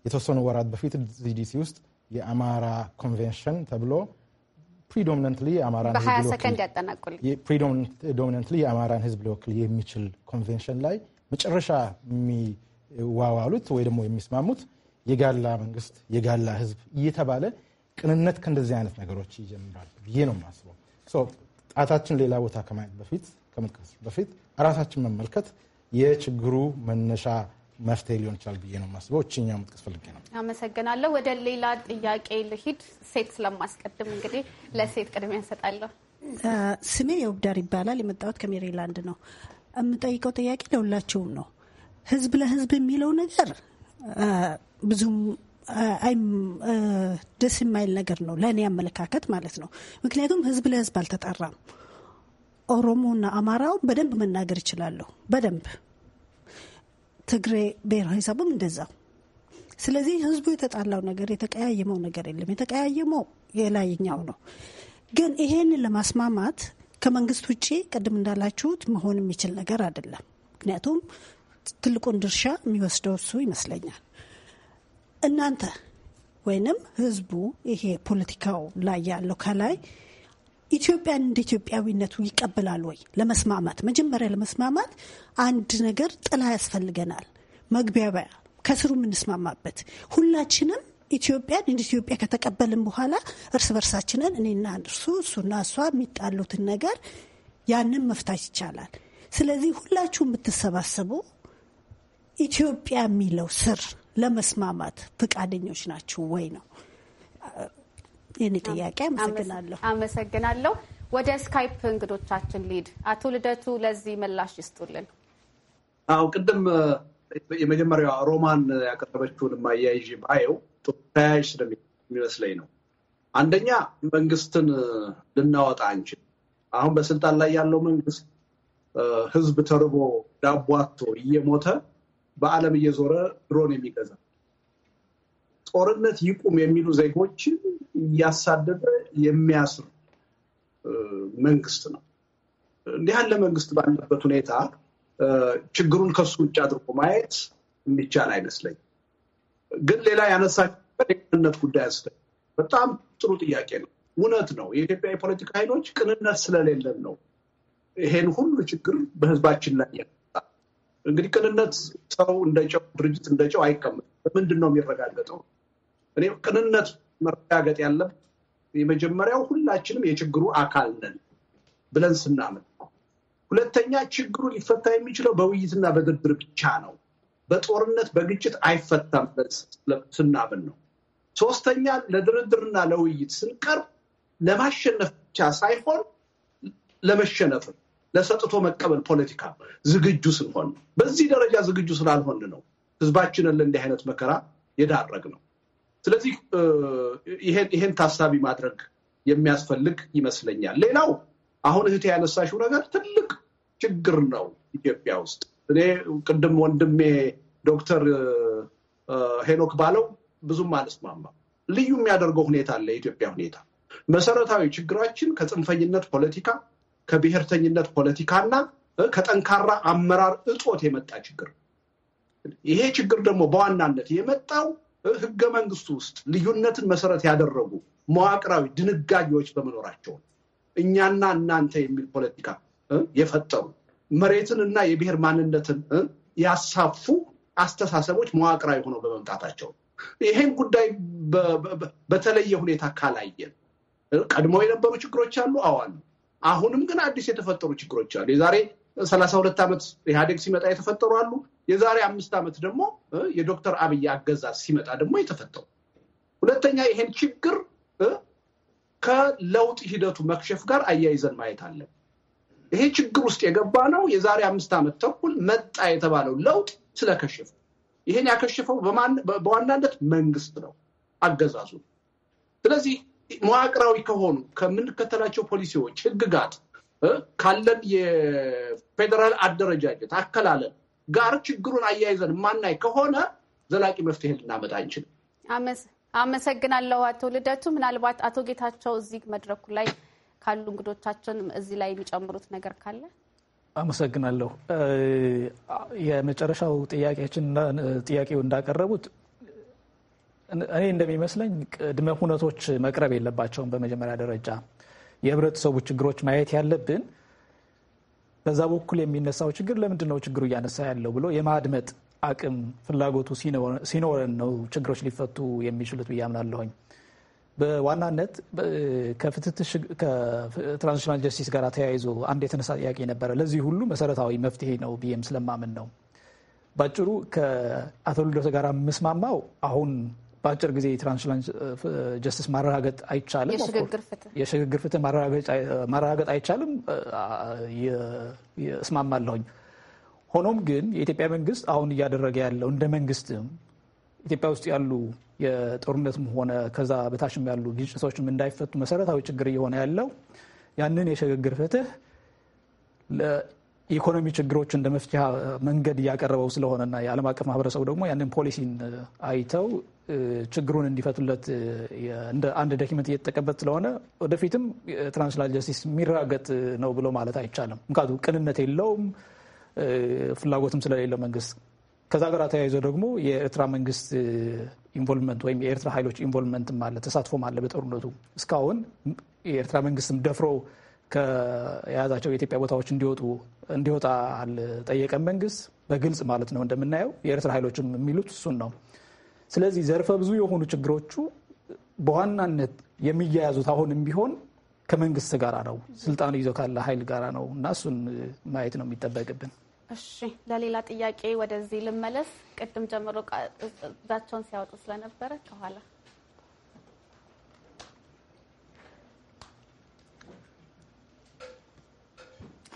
የተወሰኑ ወራት በፊት ዚዲሲ ውስጥ የአማራ ኮንቬንሽን ተብሎ ፕሪዶሚናንትሊ የአማራን ህዝብ ሊወክል የሚችል ኮንቬንሽን ላይ መጨረሻ የሚዋዋሉት ወይ ደግሞ የሚስማሙት የጋላ መንግስት፣ የጋላ ህዝብ እየተባለ ቅንነት ከእንደዚህ አይነት ነገሮች ይጀምራል ብዬ ነው የማስበው። ጣታችን ሌላ ቦታ ከማየት በፊት ከመጥቀስ በፊት ራሳችን መመልከት የችግሩ መነሻ መፍትሄ ሊሆን ይችላል ብዬ ነው የማስበው። እችኛው መጥቀስ ፈልጌ ነው። አመሰግናለሁ። ወደ ሌላ ጥያቄ ልሂድ። ሴት ስለማስቀድም እንግዲህ ለሴት ቅድሚያ እንሰጣለሁ። ስሜ የውብዳር ይባላል። የመጣሁት ከሜሪላንድ ነው። የምጠይቀው ጥያቄ ለሁላችሁም ነው። ህዝብ ለህዝብ የሚለው ነገር ብዙም ደስ የማይል ነገር ነው፣ ለእኔ አመለካከት ማለት ነው። ምክንያቱም ህዝብ ለህዝብ አልተጣራም። ኦሮሞና አማራው በደንብ መናገር ይችላለሁ በደንብ ትግሬ ብሔራዊ ሰቡም እንደዛው። ስለዚህ ህዝቡ የተጣላው ነገር የተቀያየመው ነገር የለም። የተቀያየመው የላይኛው ነው። ግን ይሄንን ለማስማማት ከመንግስት ውጭ ቅድም እንዳላችሁት መሆን የሚችል ነገር አይደለም። ምክንያቱም ትልቁን ድርሻ የሚወስደው እሱ ይመስለኛል። እናንተ ወይንም ህዝቡ ይሄ ፖለቲካው ላይ ያለው ከላይ ኢትዮጵያን እንደ ኢትዮጵያዊነቱ ይቀበላል ወይ? ለመስማማት መጀመሪያ ለመስማማት አንድ ነገር ጥላ ያስፈልገናል፣ መግባቢያ ከስሩ የምንስማማበት ሁላችንም ኢትዮጵያን እንደ ኢትዮጵያ ከተቀበልን በኋላ እርስ በርሳችንን እኔና እርሱ እሱና እሷ የሚጣሉትን ነገር ያንን መፍታት ይቻላል። ስለዚህ ሁላችሁ የምትሰባሰቡ ኢትዮጵያ የሚለው ስር ለመስማማት ፍቃደኞች ናችሁ ወይ ነው። ይህን ጥያቄ። አመሰግናለሁ። አመሰግናለሁ። ወደ ስካይፕ እንግዶቻችን ሊድ አቶ ልደቱ ለዚህ ምላሽ ይስጡልን። አው ቅድም የመጀመሪያ ሮማን ያቀረበችውን ማያይዥ ባየው ተያያዥ ስለሚመስለኝ ነው። አንደኛ መንግስትን ልናወጣ አንችል። አሁን በስልጣን ላይ ያለው መንግስት ህዝብ ተርቦ ዳቧቶ እየሞተ በዓለም እየዞረ ድሮን የሚገዛ ጦርነት ይቁም የሚሉ ዜጎችን እያሳደደ የሚያስር መንግስት ነው። እንዲህ ያለ መንግስት ባለበት ሁኔታ ችግሩን ከሱ ውጭ አድርጎ ማየት የሚቻል አይመስለኝም። ግን ሌላ ያነሳችበት የቅንነት ጉዳይ አስለ በጣም ጥሩ ጥያቄ ነው። እውነት ነው። የኢትዮጵያ የፖለቲካ ኃይሎች ቅንነት ስለሌለን ነው ይሄን ሁሉ ችግር በህዝባችን ላይ ያመጣ። እንግዲህ ቅንነት ሰው እንደጨው ድርጅት እንደ ጨው አይቀመጥም። በምንድን ነው የሚረጋገጠው? እኔ ቅንነት መረጋገጥ ያለብ የመጀመሪያው ሁላችንም የችግሩ አካል ነን ብለን ስናምን፣ ሁለተኛ ችግሩ ሊፈታ የሚችለው በውይይትና በድርድር ብቻ ነው፣ በጦርነት በግጭት አይፈታም ስናምን ነው። ሶስተኛ ለድርድርና ለውይይት ስንቀርብ ለማሸነፍ ብቻ ሳይሆን ለመሸነፍ ለሰጥቶ መቀበል ፖለቲካ ዝግጁ ስንሆን፣ በዚህ ደረጃ ዝግጁ ስላልሆን ነው ህዝባችንን ለእንዲህ አይነት መከራ የዳረግ ነው። ስለዚህ ይሄን ታሳቢ ማድረግ የሚያስፈልግ ይመስለኛል። ሌላው አሁን እህቴ ያነሳሽው ነገር ትልቅ ችግር ነው ኢትዮጵያ ውስጥ። እኔ ቅድም ወንድሜ ዶክተር ሄኖክ ባለው ብዙም አልስማማም። ልዩ የሚያደርገው ሁኔታ አለ። የኢትዮጵያ ሁኔታ መሰረታዊ ችግራችን ከጽንፈኝነት ፖለቲካ፣ ከብሔርተኝነት እና ከጠንካራ አመራር እጦት የመጣ ችግር። ይሄ ችግር ደግሞ በዋናነት የመጣው ህገ መንግስቱ ውስጥ ልዩነትን መሰረት ያደረጉ መዋቅራዊ ድንጋጌዎች በመኖራቸው እኛና እናንተ የሚል ፖለቲካ የፈጠሩ መሬትን እና የብሔር ማንነትን ያሳፉ አስተሳሰቦች መዋቅራዊ ሆነው በመምጣታቸው ይሄን ጉዳይ በተለየ ሁኔታ ካላየን ቀድሞ የነበሩ ችግሮች አሉ። አዋሉ አሁንም ግን አዲስ የተፈጠሩ ችግሮች አሉ። የዛሬ ሰላሳ ሁለት ዓመት ኢህአዴግ ሲመጣ የተፈጠሩ አሉ። የዛሬ አምስት ዓመት ደግሞ የዶክተር አብይ አገዛዝ ሲመጣ ደግሞ የተፈጠሩ ሁለተኛ ይሄን ችግር ከለውጥ ሂደቱ መክሸፍ ጋር አያይዘን ማየት አለን። ይሄ ችግር ውስጥ የገባ ነው የዛሬ አምስት ዓመት ተኩል መጣ የተባለው ለውጥ ስለከሸፈ ይሄን ያከሸፈው በዋናነት መንግስት ነው፣ አገዛዙ። ስለዚህ መዋቅራዊ ከሆኑ ከምንከተላቸው ፖሊሲዎች፣ ህግጋት ካለን የፌዴራል አደረጃጀት አከላለን ጋር ችግሩን አያይዘን ማናይ ከሆነ ዘላቂ መፍትሄ ልናመጣ አንችልም። አመሰግናለሁ አቶ ልደቱ። ምናልባት አቶ ጌታቸው እዚህ መድረኩ ላይ ካሉ እንግዶቻችን እዚህ ላይ የሚጨምሩት ነገር ካለ አመሰግናለሁ። የመጨረሻው ጥያቄያችን ጥያቄው እንዳቀረቡት እኔ እንደሚመስለኝ ቅድመ ሁነቶች መቅረብ የለባቸውም። በመጀመሪያ ደረጃ የህብረተሰቡ ችግሮች ማየት ያለብን በዛ በኩል የሚነሳው ችግር ለምንድን ነው ችግሩ እያነሳ ያለው ብሎ የማድመጥ አቅም ፍላጎቱ ሲኖረን ነው ችግሮች ሊፈቱ የሚችሉት ብዬ አምናለሁኝ። በዋናነት ከትራንዚሽናል ጀስቲስ ጋር ተያይዞ አንድ የተነሳ ጥያቄ ነበረ። ለዚህ ሁሉ መሰረታዊ መፍትሄ ነው ብዬም ስለማምን ነው። ባጭሩ ከአቶ ልደቱ ጋር የምስማማው አሁን በአጭር ጊዜ የትራንዚሽናል ጀስቲስ ማረጋገጥ አይቻልም። የሽግግር ፍትህ ማረጋገጥ አይቻልም፣ እስማማለሁኝ። ሆኖም ግን የኢትዮጵያ መንግስት አሁን እያደረገ ያለው እንደ መንግስትም ኢትዮጵያ ውስጥ ያሉ የጦርነትም ሆነ ከዛ በታችም ያሉ ግጭቶችም እንዳይፈቱ መሰረታዊ ችግር እየሆነ ያለው ያንን የሽግግር ፍትህ የኢኮኖሚ ችግሮች እንደ መፍትሄ መንገድ እያቀረበው ስለሆነና የዓለም አቀፍ ማህበረሰቡ ደግሞ ያንን ፖሊሲን አይተው ችግሩን እንዲፈቱለት እንደ አንድ ዶኪመንት እየተጠቀበት ስለሆነ ወደፊትም ትራንስናሽናል ጀስቲስ የሚራገጥ ነው ብሎ ማለት አይቻልም። ምክንያቱም ቅንነት የለውም፣ ፍላጎትም ስለሌለው መንግስት ከዛ ጋር ተያይዞ ደግሞ የኤርትራ መንግስት ኢንቮልቭመንት ወይም የኤርትራ ኃይሎች ኢንቮልቭመንትም አለ፣ ተሳትፎም አለ በጦርነቱ እስካሁን የኤርትራ መንግስትም ደፍሮ ከያዛቸው የኢትዮጵያ ቦታዎች እንዲወጡ እንዲወጣ አልጠየቀም መንግስት በግልጽ ማለት ነው። እንደምናየው የኤርትራ ኃይሎችም የሚሉት እሱን ነው። ስለዚህ ዘርፈ ብዙ የሆኑ ችግሮቹ በዋናነት የሚያያዙት አሁንም ቢሆን ከመንግስት ጋር ነው፣ ስልጣኑ ይዞ ካለ ኃይል ጋር ነው እና እሱን ማየት ነው የሚጠበቅብን። እሺ፣ ለሌላ ጥያቄ ወደዚህ ልመለስ። ቅድም ጀምሮ እዛቸውን ሲያወጡ ስለነበረ ከኋላ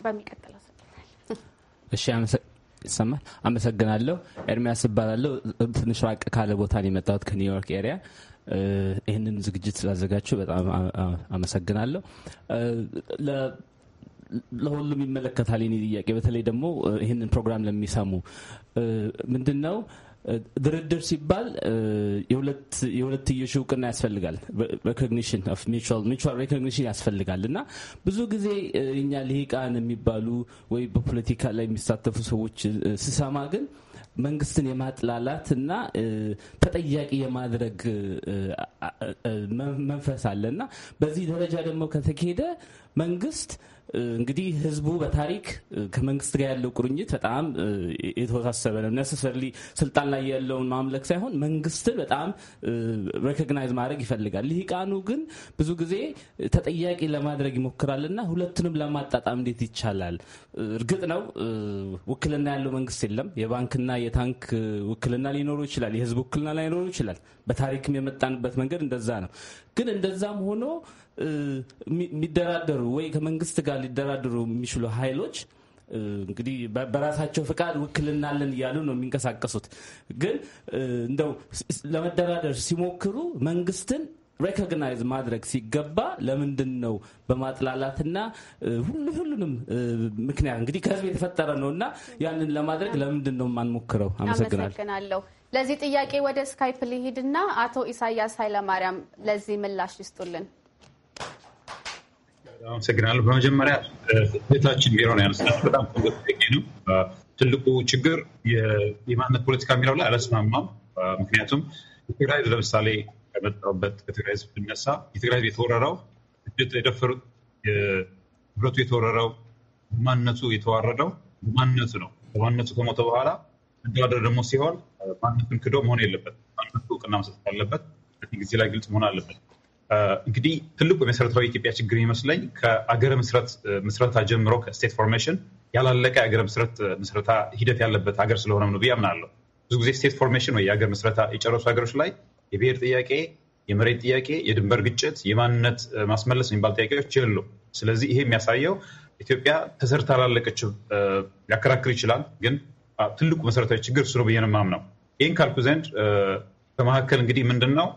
በሚቀጥለው እሺ ይሰማል። አመሰግናለሁ። ኤርሚያስ እባላለሁ። ትንሽ ራቅ ካለ ቦታ ነው የመጣሁት ከኒውዮርክ ኤሪያ። ይህንን ዝግጅት ስላዘጋችሁ በጣም አመሰግናለሁ። ለሁሉም ይመለከታል የኔ ጥያቄ፣ በተለይ ደግሞ ይህንን ፕሮግራም ለሚሰሙ ምንድን ነው ድርድር ሲባል የሁለትዮሽ እውቅና ያስፈልጋል። ሬኮግኒሽን ኦፍ ሚቹዋል ሬኮግኒሽን ያስፈልጋል እና ብዙ ጊዜ እኛ ልሂቃን የሚባሉ ወይ በፖለቲካ ላይ የሚሳተፉ ሰዎች ስሰማ ግን መንግስትን የማጥላላት እና ተጠያቂ የማድረግ መንፈስ አለ እና በዚህ ደረጃ ደግሞ ከተካሄደ መንግስት እንግዲህ ህዝቡ በታሪክ ከመንግስት ጋር ያለው ቁርኝት በጣም የተወሳሰበ ነው። ነሰሰርሊ ስልጣን ላይ ያለውን ማምለክ ሳይሆን መንግስትን በጣም ሬኮግናይዝ ማድረግ ይፈልጋል። ልሂቃኑ ግን ብዙ ጊዜ ተጠያቂ ለማድረግ ይሞክራል እና ሁለቱንም ለማጣጣም እንዴት ይቻላል? እርግጥ ነው ውክልና ያለው መንግስት የለም። የባንክና የታንክ ውክልና ሊኖሩ ይችላል። የህዝብ ውክልና ላይኖሩ ይችላል። በታሪክም የመጣንበት መንገድ እንደዛ ነው። ግን እንደዛም ሆኖ የሚደራደሩ ወይ ከመንግስት ጋር ሊደራደሩ የሚችሉ ኃይሎች እንግዲህ በራሳቸው ፍቃድ ውክል እናለን እያሉ ነው የሚንቀሳቀሱት። ግን እንደው ለመደራደር ሲሞክሩ መንግስትን ሬኮግናይዝ ማድረግ ሲገባ ለምንድን ነው በማጥላላትና ሁሉንም ምክንያት እንግዲህ ከህዝብ የተፈጠረ ነው እና ያንን ለማድረግ ለምንድን ነው የማንሞክረው? አመሰግናለሁ። ለዚህ ጥያቄ ወደ ስካይፕ ሊሂድና አቶ ኢሳያስ ኃይለማርያም ለዚህ ምላሽ ይስጡልን። አመሰግናለሁ። በመጀመሪያ ቤታችን ቢሮ ነው ያነሳነው። በጣም ጥያቄ ነው። ትልቁ ችግር የማንነት ፖለቲካ የሚለው ላይ አላስማማም። ምክንያቱም የትግራይ ህዝብ ለምሳሌ ከመጣሁበት ከትግራይ ህዝብ ብነሳ የትግራይ ህዝብ የተወረረው እጅት የደፈሩት ህብረቱ የተወረረው ማንነቱ የተዋረደው ማንነቱ ነው። በማንነቱ ከሞተ በኋላ መደራደር ደግሞ ሲሆን ማንነቱን ክዶ መሆን የለበት። ማንነቱ እውቅና መሰጠት አለበት። ጊዜ ላይ ግልጽ መሆን አለበት። እንግዲህ ትልቁ የመሰረታዊ ኢትዮጵያ ችግር ይመስለኝ ከአገረ ምስረታ ጀምሮ ከስቴት ፎርሜሽን ያላለቀ የአገረ ምስረታ ሂደት ያለበት ሀገር ስለሆነ ነው ብዬ አምናለሁ። ብዙ ጊዜ ስቴት ፎርሜሽን ወይ የአገር ምስረታ የጨረሱ ሀገሮች ላይ የብሔር ጥያቄ፣ የመሬት ጥያቄ፣ የድንበር ግጭት፣ የማንነት ማስመለስ የሚባሉ ጥያቄዎች የሉ። ስለዚህ ይሄ የሚያሳየው ኢትዮጵያ ተሰርታ ላለቀችው ሊያከራክር ይችላል፣ ግን ትልቁ መሰረታዊ ችግር እሱ ነው ብዬ ነው የማምነው። ይህን ካልኩ ዘንድ በመካከል እንግዲህ ምንድን ነው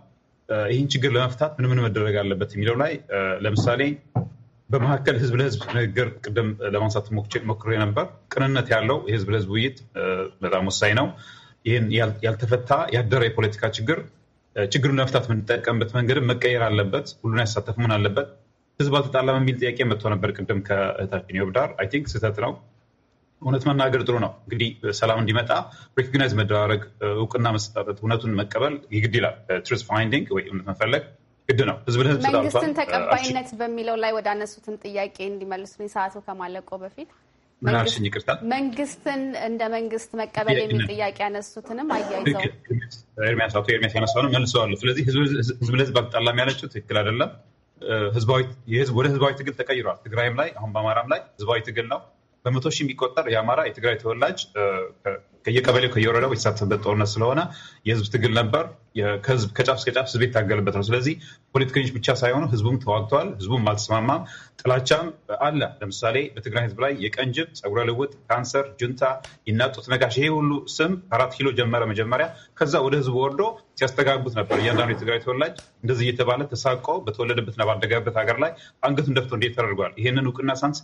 ይህን ችግር ለመፍታት ምን ምን መደረግ አለበት የሚለው ላይ ለምሳሌ በመካከል ህዝብ ለህዝብ ንግግር ቅድም ለማንሳት ሞክሮ ነበር። ቅንነት ያለው የህዝብ ለህዝብ ውይይት በጣም ወሳኝ ነው። ይህን ያልተፈታ ያደረ የፖለቲካ ችግር ችግሩን ለመፍታት የምንጠቀምበት መንገድ መቀየር አለበት። ሁሉን ያሳተፍ ምን አለበት። ህዝብ አልተጣላም የሚል ጥያቄ መጥቶ ነበር ቅድም ከእህታችን ይወብዳር አይ ቲንክ ስህተት ነው። እውነት መናገር ጥሩ ነው። እንግዲህ ሰላም እንዲመጣ ሪኮግናይዝ መደራረግ፣ እውቅና መሰጣጠት፣ እውነቱን መቀበል ይግድ ይላል። ትሩዝ ፋይንዲንግ ወይ እውነት መፈለግ ግድ ነው። ህዝብ ለህዝብ መንግስትን ተቀባይነት በሚለው ላይ ወዳነሱትን ጥያቄ እንዲመልሱልኝ ሰዓቱ ከማለቆ በፊት መንግስትን እንደ መንግስት መቀበል የሚል ጥያቄ ያነሱትንም አያይዘው ኤርሚያስ አቶ ኤርሚያስ ያነሳውንም መልሰዋሉ። ስለዚህ ህዝብ ለህዝብ አጣላም ያለችው ትክክል አይደለም። ወደ ህዝባዊ ትግል ተቀይሯል። ትግራይም ላይ አሁን በአማራም ላይ ህዝባዊ ትግል ነው። በመቶ ሺህ የሚቆጠር የአማራ የትግራይ ተወላጅ ከየቀበሌው ከየወረዳው የተሳተፈበት ጦርነት ስለሆነ የህዝብ ትግል ነበር። ከህዝብ ከጫፍ እስከ ጫፍ ህዝብ የታገልበት ነው። ስለዚህ ፖለቲከኞች ብቻ ሳይሆኑ ህዝቡም ተዋግተዋል። ህዝቡም አልተስማማም፣ ጥላቻም አለ። ለምሳሌ በትግራይ ህዝብ ላይ የቀንጅብ፣ ፀጉረ ልውጥ፣ ካንሰር፣ ጁንታ፣ ይናጡት ነጋሽ፣ ይሄ ሁሉ ስም አራት ኪሎ ጀመረ መጀመሪያ። ከዛ ወደ ህዝቡ ወርዶ ሲያስተጋቡት ነበር። እያንዳንዱ የትግራይ ተወላጅ እንደዚህ እየተባለ ተሳቆ በተወለደበትና ባደገበት ሀገር ላይ አንገቱን ደፍቶ እንዴት ተደርጓል? ይህንን እውቅና ሳንስ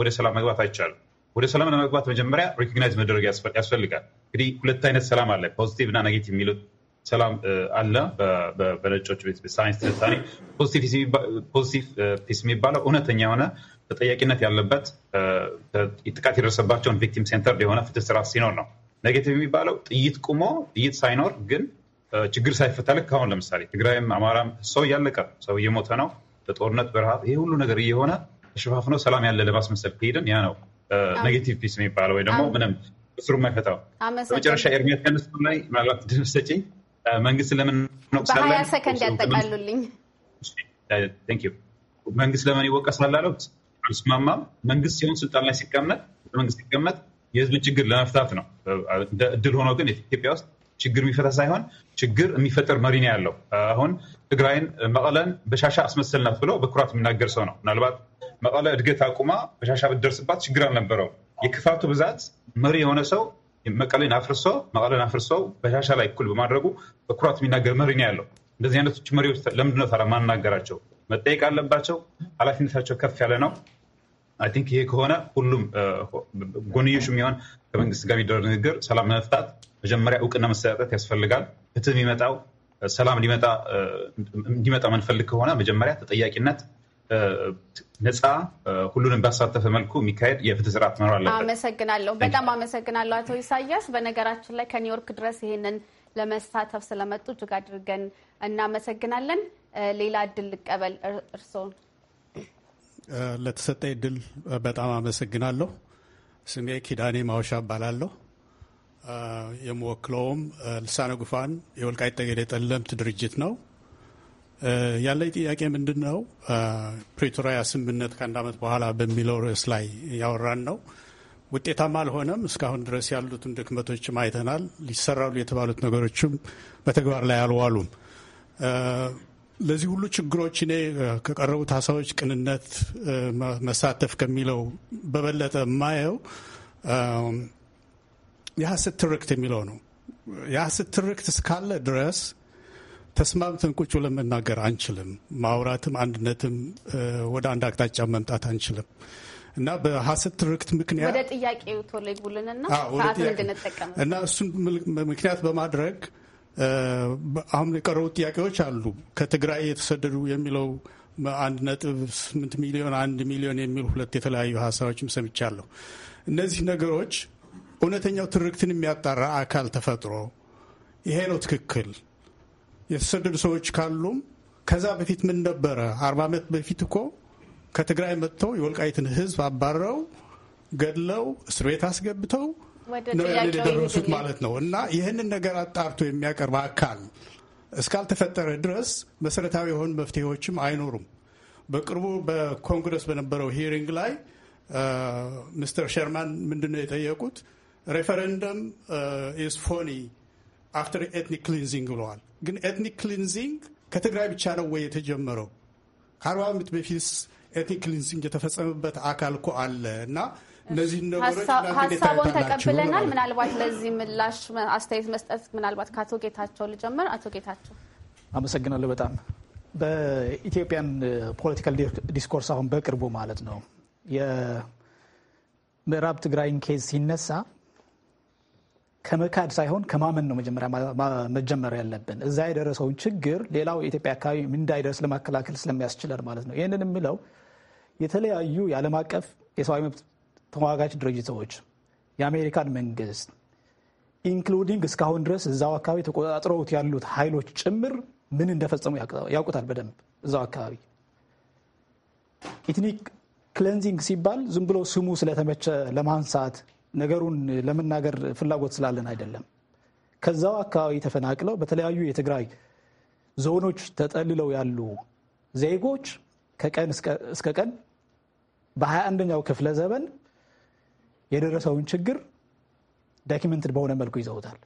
ወደ ሰላም መግባት አይቻልም። ወደ ሰላም ለመግባት መጀመሪያ ሪኮግናይዝ መደረግ ያስፈልጋል። እንግዲህ ሁለት አይነት ሰላም አለ፣ ፖዚቲቭ እና ነጌቲቭ የሚሉት ሰላም አለ። በነጮች ሳይንስ ትንታኔ ፖዚቲቭ ፒስ የሚባለው እውነተኛ የሆነ ተጠያቂነት ያለበት ጥቃት የደረሰባቸውን ቪክቲም ሴንተር የሆነ ፍትህ ስራ ሲኖር ነው። ነጌቲቭ የሚባለው ጥይት ቁሞ ጥይት ሳይኖር ግን ችግር ሳይፈታ ልክ አሁን ለምሳሌ ትግራይም አማራም ሰው እያለቀ ሰው እየሞተ ነው በጦርነት በረሃብ ይሄ ሁሉ ነገር እየሆነ ተሸፋፍነው ሰላም ያለ መሰል ከሄደን ያ ነው ኔጌቲቭ ፒስ የሚባለው ወይ ደግሞ ምንም እስሩ የማይፈታው። በመጨረሻ ኤርሚያስ ከነሱ ላይ ምናልባት ድምፅ ሰጪኝ መንግስት ለምን በሀያ ሰከንድ ያጠቃሉልኝ። መንግስት ለምን ይወቀሳል አለው አልስማማም። መንግስት ሲሆን ስልጣን ላይ ሲቀመጥ መንግስት ሲቀመጥ የህዝብን ችግር ለመፍታት ነው። እንደ እድል ሆኖ ግን ኢትዮጵያ ውስጥ ችግር የሚፈታ ሳይሆን ችግር የሚፈጠር መሪ ነው ያለው። አሁን ትግራይን መቀለን በሻሻ አስመሰልናት ብሎ በኩራት የሚናገር ሰው ነው ምናልባት መቀለ እድገት አቁማ በሻሻ ብትደርስባት ችግር አልነበረው። የክፋቱ ብዛት መሪ የሆነ ሰው መቀሌን አፍርሶ መቀለን አፍርሶ በሻሻ ላይ እኩል በማድረጉ በኩራት የሚናገር መሪ ነው ያለው። እንደዚህ አይነቶች መሪዎች ለምንድነው ታዲያ ማናገራቸው? መጠየቅ አለባቸው። ኃላፊነታቸው ከፍ ያለ ነው። አይ ቲንክ ይሄ ከሆነ ሁሉም ጎንዮሽ የሚሆን ከመንግስት ጋር የሚደረግ ንግግር ሰላም ለመፍታት መጀመሪያ እውቅና መሰጠት ያስፈልጋል። ፍትህ የሚመጣው ሰላም እንዲመጣ የምንፈልግ ከሆነ መጀመሪያ ተጠያቂነት ነፃ ሁሉንም ባሳተፈ መልኩ የሚካሄድ የፍትህ ስርዓት መኖር አለበት። አመሰግናለሁ። በጣም አመሰግናለሁ አቶ ኢሳያስ። በነገራችን ላይ ከኒውዮርክ ድረስ ይህንን ለመሳተፍ ስለመጡ እጅግ አድርገን እናመሰግናለን። ሌላ እድል ልቀበል። እርስዎን ለተሰጠኝ እድል በጣም አመሰግናለሁ። ስሜ ኪዳኔ ማውሻ እባላለሁ። የምወክለውም ልሳነ ጉፋን የወልቃይት ጠገዴ ጠለምት ድርጅት ነው። ያለኝ ጥያቄ ምንድን ነው? ፕሪቶሪያ ስምምነት ከአንድ ዓመት በኋላ በሚለው ርዕስ ላይ ያወራን ነው። ውጤታማ አልሆነም። እስካሁን ድረስ ያሉትን ድክመቶችም አይተናል። ሊሰራሉ የተባሉት ነገሮችም በተግባር ላይ አልዋሉም። ለዚህ ሁሉ ችግሮች እኔ ከቀረቡት ሀሳቦች ቅንነት መሳተፍ ከሚለው በበለጠ የማየው የሀሰት ትርክት የሚለው ነው። የሀሰት ትርክት እስካለ ድረስ ተስማምተን ቁጭ ብለን መናገር አንችልም። ማውራትም አንድነትም ወደ አንድ አቅጣጫ መምጣት አንችልም እና በሀሰት ትርክት ምክንያት ወደ ጥያቄው ቡልንና እና እሱን ምክንያት በማድረግ አሁን የቀረቡ ጥያቄዎች አሉ። ከትግራይ የተሰደዱ የሚለው አንድ ነጥብ ስምንት ሚሊዮን አንድ ሚሊዮን የሚል ሁለት የተለያዩ ሀሳቦችም ሰምቻለሁ። እነዚህ ነገሮች እውነተኛው ትርክትን የሚያጣራ አካል ተፈጥሮ ይሄ ነው ትክክል የተሰደዱ ሰዎች ካሉም ከዛ በፊት ምን ነበረ? አርባ ዓመት በፊት እኮ ከትግራይ መጥተው የወልቃይትን ህዝብ አባረው ገድለው እስር ቤት አስገብተው ነው የደረሱት ማለት ነው። እና ይህንን ነገር አጣርቶ የሚያቀርብ አካል እስካልተፈጠረ ድረስ መሰረታዊ የሆኑ መፍትሄዎችም አይኖሩም። በቅርቡ በኮንግረስ በነበረው ሂሪንግ ላይ ሚስተር ሸርማን ምንድነው የጠየቁት? ሬፈረንደም ኢዝ ፎኒ አፍተር ኤትኒክ ክሊንዚንግ ብለዋል። ግን ኤትኒክ ክሊንዚንግ ከትግራይ ብቻ ነው ወይ የተጀመረው? ከአርባ ዓመት በፊትስ ኤትኒክ ክሊንዚንግ የተፈጸመበት አካል እኮ አለ እና እነዚህ ሀሳቦን ተቀብለናል። ምናልባት ለዚህ ምላሽ አስተያየት መስጠት ምናልባት ከአቶ ጌታቸው ልጀምር። አቶ ጌታቸው አመሰግናለሁ። በጣም በኢትዮጵያን ፖለቲካል ዲስኮርስ አሁን በቅርቡ ማለት ነው የምዕራብ ትግራይን ኬዝ ሲነሳ ከመካድ ሳይሆን ከማመን ነው መጀመሪያ መጀመር ያለብን። እዛ የደረሰውን ችግር ሌላው የኢትዮጵያ አካባቢ እንዳይደርስ ለማከላከል ስለሚያስችለን ማለት ነው። ይህንን የሚለው የተለያዩ የዓለም አቀፍ የሰብአዊ መብት ተሟጋች ድርጅቶች፣ የአሜሪካን መንግስት ኢንክሉዲንግ እስካሁን ድረስ እዛው አካባቢ ተቆጣጥረውት ያሉት ኃይሎች ጭምር ምን እንደፈጸሙ ያውቁታል በደንብ እዛው አካባቢ ኢትኒክ ክሌንዚንግ ሲባል ዝም ብሎ ስሙ ስለተመቸ ለማንሳት ነገሩን ለመናገር ፍላጎት ስላለን አይደለም። ከዛው አካባቢ ተፈናቅለው በተለያዩ የትግራይ ዞኖች ተጠልለው ያሉ ዜጎች ከቀን እስከ ቀን በ21ኛው ክፍለ ዘመን የደረሰውን ችግር ዶኪመንትድ በሆነ መልኩ ይዘውታል።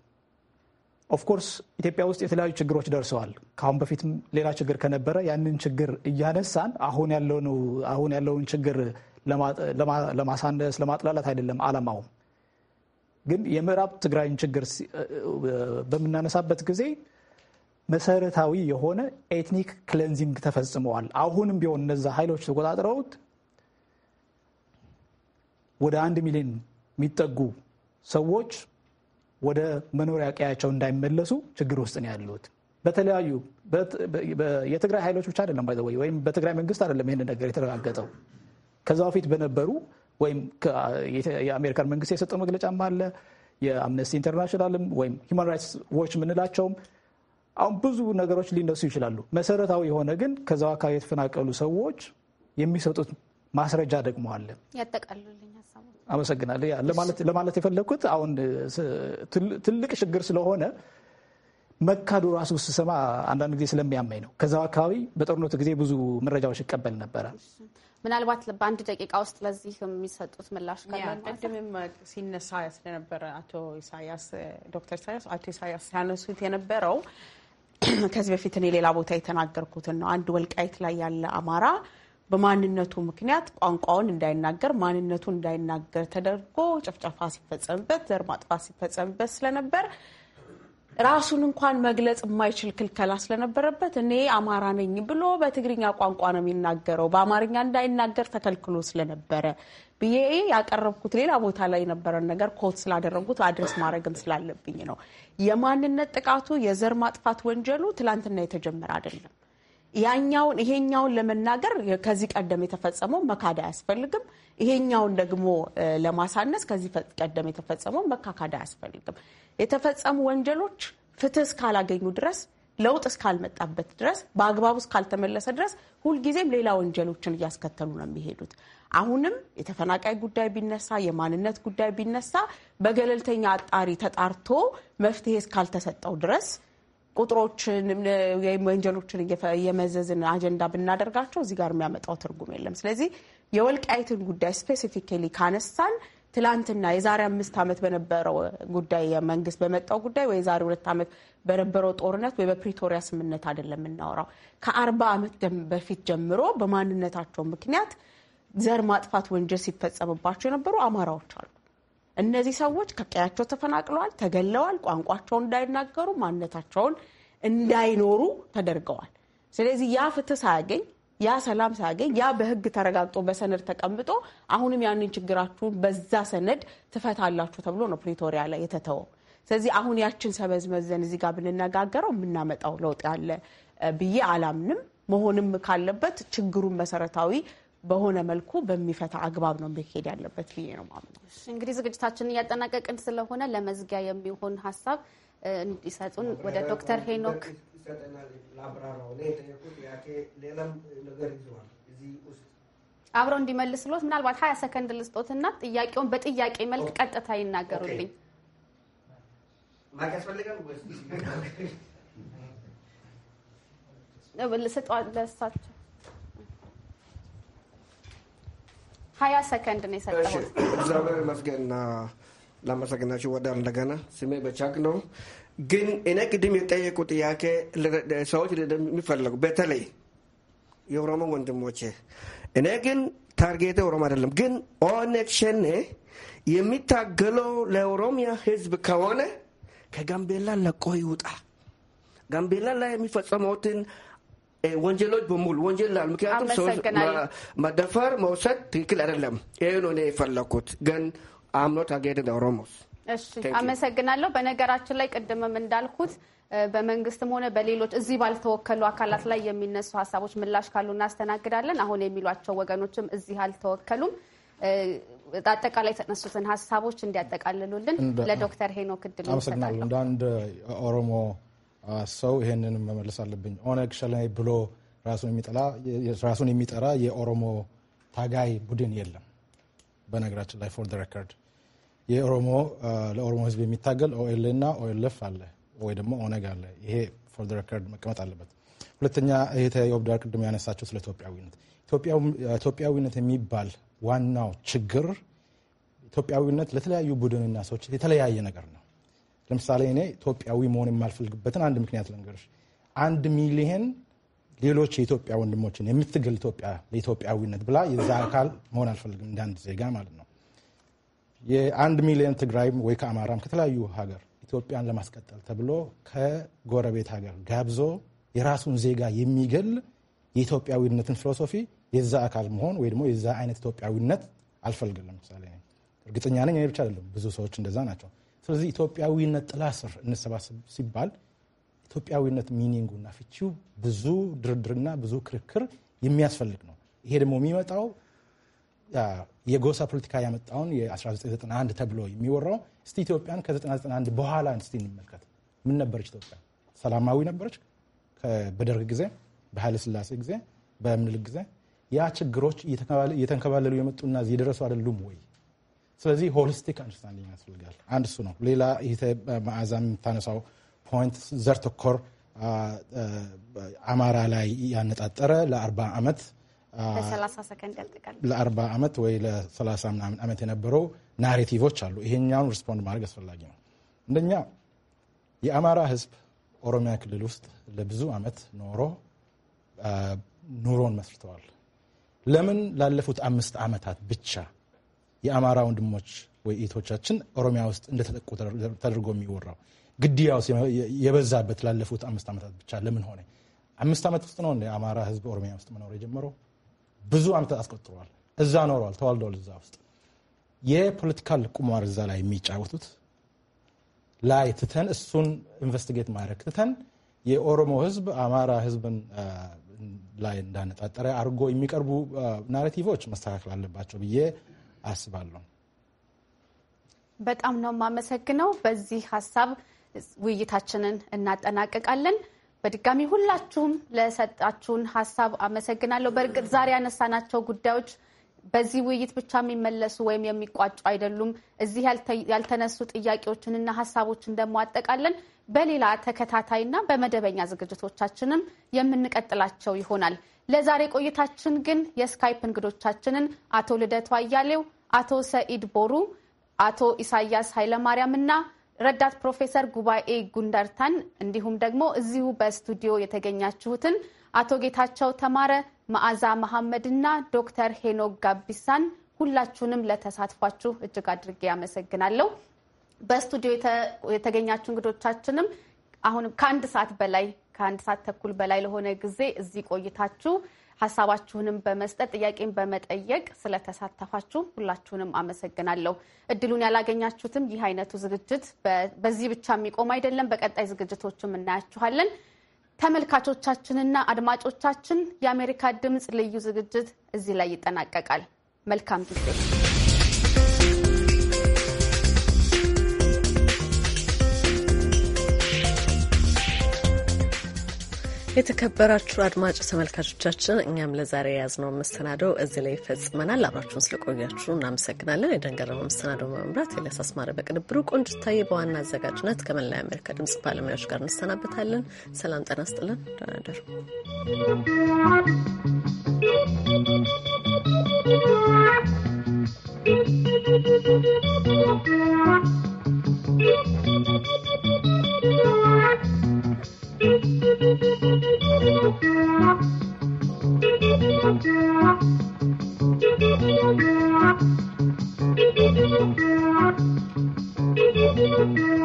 ኦፍኮርስ ኢትዮጵያ ውስጥ የተለያዩ ችግሮች ደርሰዋል። ከአሁን በፊትም ሌላ ችግር ከነበረ ያንን ችግር እያነሳን አሁን ያለውን ችግር ለማሳነስ፣ ለማጥላላት አይደለም አላማውም። ግን የምዕራብ ትግራይን ችግር በምናነሳበት ጊዜ መሰረታዊ የሆነ ኤትኒክ ክለንዚንግ ተፈጽመዋል። አሁንም ቢሆን እነዛ ኃይሎች ተቆጣጥረውት ወደ አንድ ሚሊዮን የሚጠጉ ሰዎች ወደ መኖሪያ ቀያቸው እንዳይመለሱ ችግር ውስጥ ነው ያሉት። በተለያዩ የትግራይ ኃይሎች ብቻ አይደለም ባይዘወይ ወይም በትግራይ መንግስት አይደለም ይህን ነገር የተረጋገጠው ከዛ በፊት በነበሩ ወይም የአሜሪካን መንግስት የሰጠው መግለጫም አለ የአምነስቲ ኢንተርናሽናልም ወይም ሂማን ራይትስ ዎች የምንላቸውም አሁን ብዙ ነገሮች ሊነሱ ይችላሉ። መሰረታዊ የሆነ ግን ከዛው አካባቢ የተፈናቀሉ ሰዎች የሚሰጡት ማስረጃ ደግሞ አለ። አመሰግናለሁ። ለማለት የፈለግኩት አሁን ትልቅ ችግር ስለሆነ መካዱ ራሱ ስሰማ አንዳንድ ጊዜ ስለሚያመኝ ነው። ከዛ አካባቢ በጦርነቱ ጊዜ ብዙ መረጃዎች ይቀበል ነበራል። ምናልባት በአንድ ደቂቃ ውስጥ ለዚህ የሚሰጡት ምላሽ ካለ ቅድምም ሲነሳ ስለነበረ አቶ ኢሳያስ ዶክተር ኢሳያስ አቶ ኢሳያስ ሲያነሱት የነበረው ከዚህ በፊት እኔ ሌላ ቦታ የተናገርኩትን ነው። አንድ ወልቃይት ላይ ያለ አማራ በማንነቱ ምክንያት ቋንቋውን እንዳይናገር ማንነቱን እንዳይናገር ተደርጎ ጭፍጨፋ ሲፈጸምበት፣ ዘር ማጥፋት ሲፈጸምበት ስለነበር ራሱን እንኳን መግለጽ የማይችል ክልከላ ስለነበረበት እኔ አማራ ነኝ ብሎ በትግርኛ ቋንቋ ነው የሚናገረው፣ በአማርኛ እንዳይናገር ተከልክሎ ስለነበረ ብዬ ያቀረብኩት ሌላ ቦታ ላይ የነበረን ነገር ኮት ስላደረጉት አድረስ ማድረግም ስላለብኝ ነው። የማንነት ጥቃቱ የዘር ማጥፋት ወንጀሉ ትላንትና የተጀመረ አይደለም። ያኛውን ይሄኛውን ለመናገር ከዚህ ቀደም የተፈጸመው መካድ አያስፈልግም። ይሄኛውን ደግሞ ለማሳነስ ከዚህ ቀደም የተፈጸመው መካካድ አያስፈልግም። የተፈጸሙ ወንጀሎች ፍትህ እስካላገኙ ድረስ ለውጥ እስካልመጣበት ድረስ በአግባቡ እስካልተመለሰ ድረስ ሁልጊዜም ሌላ ወንጀሎችን እያስከተሉ ነው የሚሄዱት። አሁንም የተፈናቃይ ጉዳይ ቢነሳ፣ የማንነት ጉዳይ ቢነሳ በገለልተኛ አጣሪ ተጣርቶ መፍትሄ እስካልተሰጠው ድረስ ቁጥሮችን ወይም ወንጀሎችን የመዘዝን አጀንዳ ብናደርጋቸው እዚህ ጋር የሚያመጣው ትርጉም የለም። ስለዚህ የወልቃይትን ጉዳይ ስፔሲፊካሊ ካነሳን ትላንትና የዛሬ አምስት ዓመት በነበረው ጉዳይ መንግስት በመጣው ጉዳይ ወይ የዛሬ ሁለት ዓመት በነበረው ጦርነት ወይ በፕሪቶሪያ ስምምነት አይደለም የምናወራው። ከአርባ ዓመት በፊት ጀምሮ በማንነታቸው ምክንያት ዘር ማጥፋት ወንጀል ሲፈጸምባቸው የነበሩ አማራዎች አሉ። እነዚህ ሰዎች ከቀያቸው ተፈናቅለዋል፣ ተገለዋል፣ ቋንቋቸውን እንዳይናገሩ ማንነታቸውን እንዳይኖሩ ተደርገዋል። ስለዚህ ያ ፍትህ ሳያገኝ ያ ሰላም ሳያገኝ ያ በህግ ተረጋግጦ በሰነድ ተቀምጦ አሁንም ያንን ችግራችሁን በዛ ሰነድ ትፈታላችሁ ተብሎ ነው ፕሪቶሪያ ላይ የተተወው። ስለዚህ አሁን ያችን ሰበዝመዘን እዚህ ጋር ብንነጋገረው የምናመጣው ለውጥ ያለ ብዬ አላምንም። መሆንም ካለበት ችግሩን መሰረታዊ በሆነ መልኩ በሚፈታ አግባብ ነው መሄድ ያለበት ብዬ ነው የማምነው። እንግዲህ ዝግጅታችንን እያጠናቀቅን ስለሆነ ለመዝጊያ የሚሆን ሀሳብ እንዲሰጡን ወደ ዶክተር ሄኖክ ፈተና ላብራራው እኔ የጠየቁት ጥያቄ ሌላም ነገር ይዘዋል እዚህ ውስጥ አብረው እንዲመልስ ምናልባት ሀያ ሰከንድ ልስጦትና ጥያቄውን በጥያቄ መልክ ቀጥታ ይናገሩልኝ። ማቅ ያስፈልጋል ስጧለሳቸው። ሀያ ሰከንድ ነው የሰጠሁት። እግዚአብሔር ይመስገንና ላመሰግናችሁ ወዳር እንደገና ስሜ በቻክ ነው። ግን እኔ ቅድም የጠየቁ ጥያቄ ሰዎች የሚፈለጉ በተለይ የኦሮሞ ወንድሞቼ፣ እኔ ግን ታርጌቴ ኦሮሞ አይደለም። ግን ኦነግ ሸኔ የሚታገለው ለኦሮሚያ ሕዝብ ከሆነ ከጋምቤላ ለቆ ይውጣ። ጋምቤላ ላይ የሚፈጸመውትን ወንጀሎች በሙሉ ወንጀል ላል ምክንያቱም ሰዎች መደፈር መውሰድ ትክክል አይደለም። ይህ ነው እኔ የፈለኩት ግን አምኖ ታርጌቴ ኦሮሞስ እሺ አመሰግናለሁ። በነገራችን ላይ ቅድምም እንዳልኩት በመንግስትም ሆነ በሌሎች እዚህ ባልተወከሉ አካላት ላይ የሚነሱ ሀሳቦች ምላሽ ካሉ እናስተናግዳለን። አሁን የሚሏቸው ወገኖችም እዚህ አልተወከሉም። አጠቃላይ የተነሱትን ሀሳቦች እንዲያጠቃልሉልን ለዶክተር ሄኖክ እድል አመሰግናለሁ። እንደ አንድ ኦሮሞ ሰው ይሄንን መመለስ አለብኝ። ኦነግ ሸኔ ብሎ ራሱን የሚጠራ የኦሮሞ ታጋይ ቡድን የለም። በነገራችን ላይ ፎር ደ ሬከርድ የኦሮሞ ለኦሮሞ ህዝብ የሚታገል ኦኤል እና ኦኤልፍ አለ ወይ ደግሞ ኦነግ አለ። ይሄ ፎር ዘ ሬከርድ መቀመጥ አለበት። ሁለተኛ እህቴ ቅድም ያነሳቸው ስለ ኢትዮጵያዊነት ኢትዮጵያዊነት የሚባል ዋናው ችግር ኢትዮጵያዊነት ለተለያዩ ቡድንና ሰዎች የተለያየ ነገር ነው። ለምሳሌ እኔ ኢትዮጵያዊ መሆን የማልፈልግበትን አንድ ምክንያት ልንገርሽ። አንድ ሚሊየን ሌሎች የኢትዮጵያ ወንድሞችን የምትገል ኢትዮጵያ ለኢትዮጵያዊነት ብላ የዛ አካል መሆን አልፈልግም፣ አንድ ዜጋ ማለት ነው። የአንድ ሚሊዮን ትግራይም ወይ ከአማራም ከተለያዩ ሀገር ኢትዮጵያን ለማስቀጠል ተብሎ ከጎረቤት ሀገር ጋብዞ የራሱን ዜጋ የሚገል የኢትዮጵያዊነትን ፊሎሶፊ የዛ አካል መሆን ወይ ደግሞ የዛ አይነት ኢትዮጵያዊነት አልፈልግም። ለምሳሌ እርግጠኛ ነኝ እኔ ብቻ አይደለም ብዙ ሰዎች እንደዛ ናቸው። ስለዚህ ኢትዮጵያዊነት ጥላ ስር እንሰባሰብ ሲባል ኢትዮጵያዊነት ሚኒንጉና ፍቺው ብዙ ድርድርና ብዙ ክርክር የሚያስፈልግ ነው። ይሄ ደግሞ የሚመጣው የጎሳ ፖለቲካ ያመጣውን የ1991 ተብሎ የሚወራው እስቲ ኢትዮጵያን ከ 991 በኋላ እስቲ እንመልከት። ምን ነበረች ኢትዮጵያ? ሰላማዊ ነበረች? በደርግ ጊዜ፣ በኃይለ ስላሴ ጊዜ፣ በምኒልክ ጊዜ ያ ችግሮች እየተንከባለሉ የመጡና እዚህ የደረሱ አይደሉም ወይ? ስለዚህ ሆሊስቲክ አንደርስታንዲንግ ያስፈልጋል። አንድ እሱ ነው። ሌላ መዓዛም የምታነሳው ፖይንት ዘር ተኮር አማራ ላይ ያነጣጠረ ለአርባ ዓመት ለአርባ ዓመት ወይ ለሰላሳ ምናምን ዓመት የነበረው ናሬቲቮች አሉ። ይሄኛውን ሪስፖንድ ማድረግ አስፈላጊ ነው። እንደኛ የአማራ ህዝብ ኦሮሚያ ክልል ውስጥ ለብዙ ዓመት ኖሮ ኑሮን መስርተዋል። ለምን ላለፉት አምስት ዓመታት ብቻ የአማራ ወንድሞች ወይ እህቶቻችን ኦሮሚያ ውስጥ እንደተጠቁ ተደርጎ የሚወራው ግድያውስ የበዛበት ላለፉት አምስት ዓመታት ብቻ ለምን ሆነ? አምስት ዓመት ውስጥ ነው የአማራ ህዝብ ኦሮሚያ ውስጥ መኖር የጀመረው። ብዙ ዓመታት አስቆጥሯል እዛ ኖረዋል፣ ተዋልደዋል። እዛ ውስጥ የፖለቲካል ቁማር እዛ ላይ የሚጫወቱት ላይ ትተን እሱን ኢንቨስቲጌት ማድረግ ትተን የኦሮሞ ህዝብ አማራ ህዝብን ላይ እንዳነጣጠረ አድርጎ የሚቀርቡ ናሬቲቮች መስተካከል አለባቸው ብዬ አስባለሁ። በጣም ነው የማመሰግነው። በዚህ ሀሳብ ውይይታችንን እናጠናቀቃለን። በድጋሚ ሁላችሁም ለሰጣችሁን ሀሳብ አመሰግናለሁ። በእርግጥ ዛሬ ያነሳናቸው ጉዳዮች በዚህ ውይይት ብቻ የሚመለሱ ወይም የሚቋጩ አይደሉም። እዚህ ያልተነሱ ጥያቄዎችንና ሀሳቦችን ደግሞ አጠቃለን በሌላ ተከታታይና በመደበኛ ዝግጅቶቻችንም የምንቀጥላቸው ይሆናል። ለዛሬ ቆይታችን ግን የስካይፕ እንግዶቻችንን አቶ ልደቱ አያሌው፣ አቶ ሰኢድ ቦሩ፣ አቶ ኢሳያስ ኃይለማርያም እና ረዳት ፕሮፌሰር ጉባኤ ጉንደርታን እንዲሁም ደግሞ እዚሁ በስቱዲዮ የተገኛችሁትን አቶ ጌታቸው ተማረ፣ መዓዛ መሐመድና ዶክተር ሄኖክ ጋቢሳን ሁላችሁንም ለተሳትፏችሁ እጅግ አድርጌ ያመሰግናለሁ። በስቱዲዮ የተገኛችሁ እንግዶቻችንም አሁን ከአንድ ሰዓት በላይ ከአንድ ሰዓት ተኩል በላይ ለሆነ ጊዜ እዚህ ቆይታችሁ ሀሳባችሁንም በመስጠት ጥያቄን በመጠየቅ ስለተሳተፋችሁ ሁላችሁንም አመሰግናለሁ። እድሉን ያላገኛችሁትም ይህ አይነቱ ዝግጅት በዚህ ብቻ የሚቆም አይደለም። በቀጣይ ዝግጅቶችም እናያችኋለን። ተመልካቾቻችንና አድማጮቻችን የአሜሪካ ድምፅ ልዩ ዝግጅት እዚህ ላይ ይጠናቀቃል። መልካም ጊዜ የተከበራችሁ አድማጭ ተመልካቾቻችን እኛም ለዛሬ የያዝነውን መሰናዶ እዚህ ላይ ይፈጽመናል። አብራችሁን ስለቆያችሁ እናመሰግናለን። የደንገረመ መሰናዶ በመምራት ኤልያስ አስማረ፣ በቅንብሩ ታዬ፣ በዋና አዘጋጅነት ከመላ የአሜሪካ ድምጽ ባለሙያዎች ጋር እንሰናበታለን። ሰላም ጤና ይስጥልን። ደህና እደሩ። Thank you.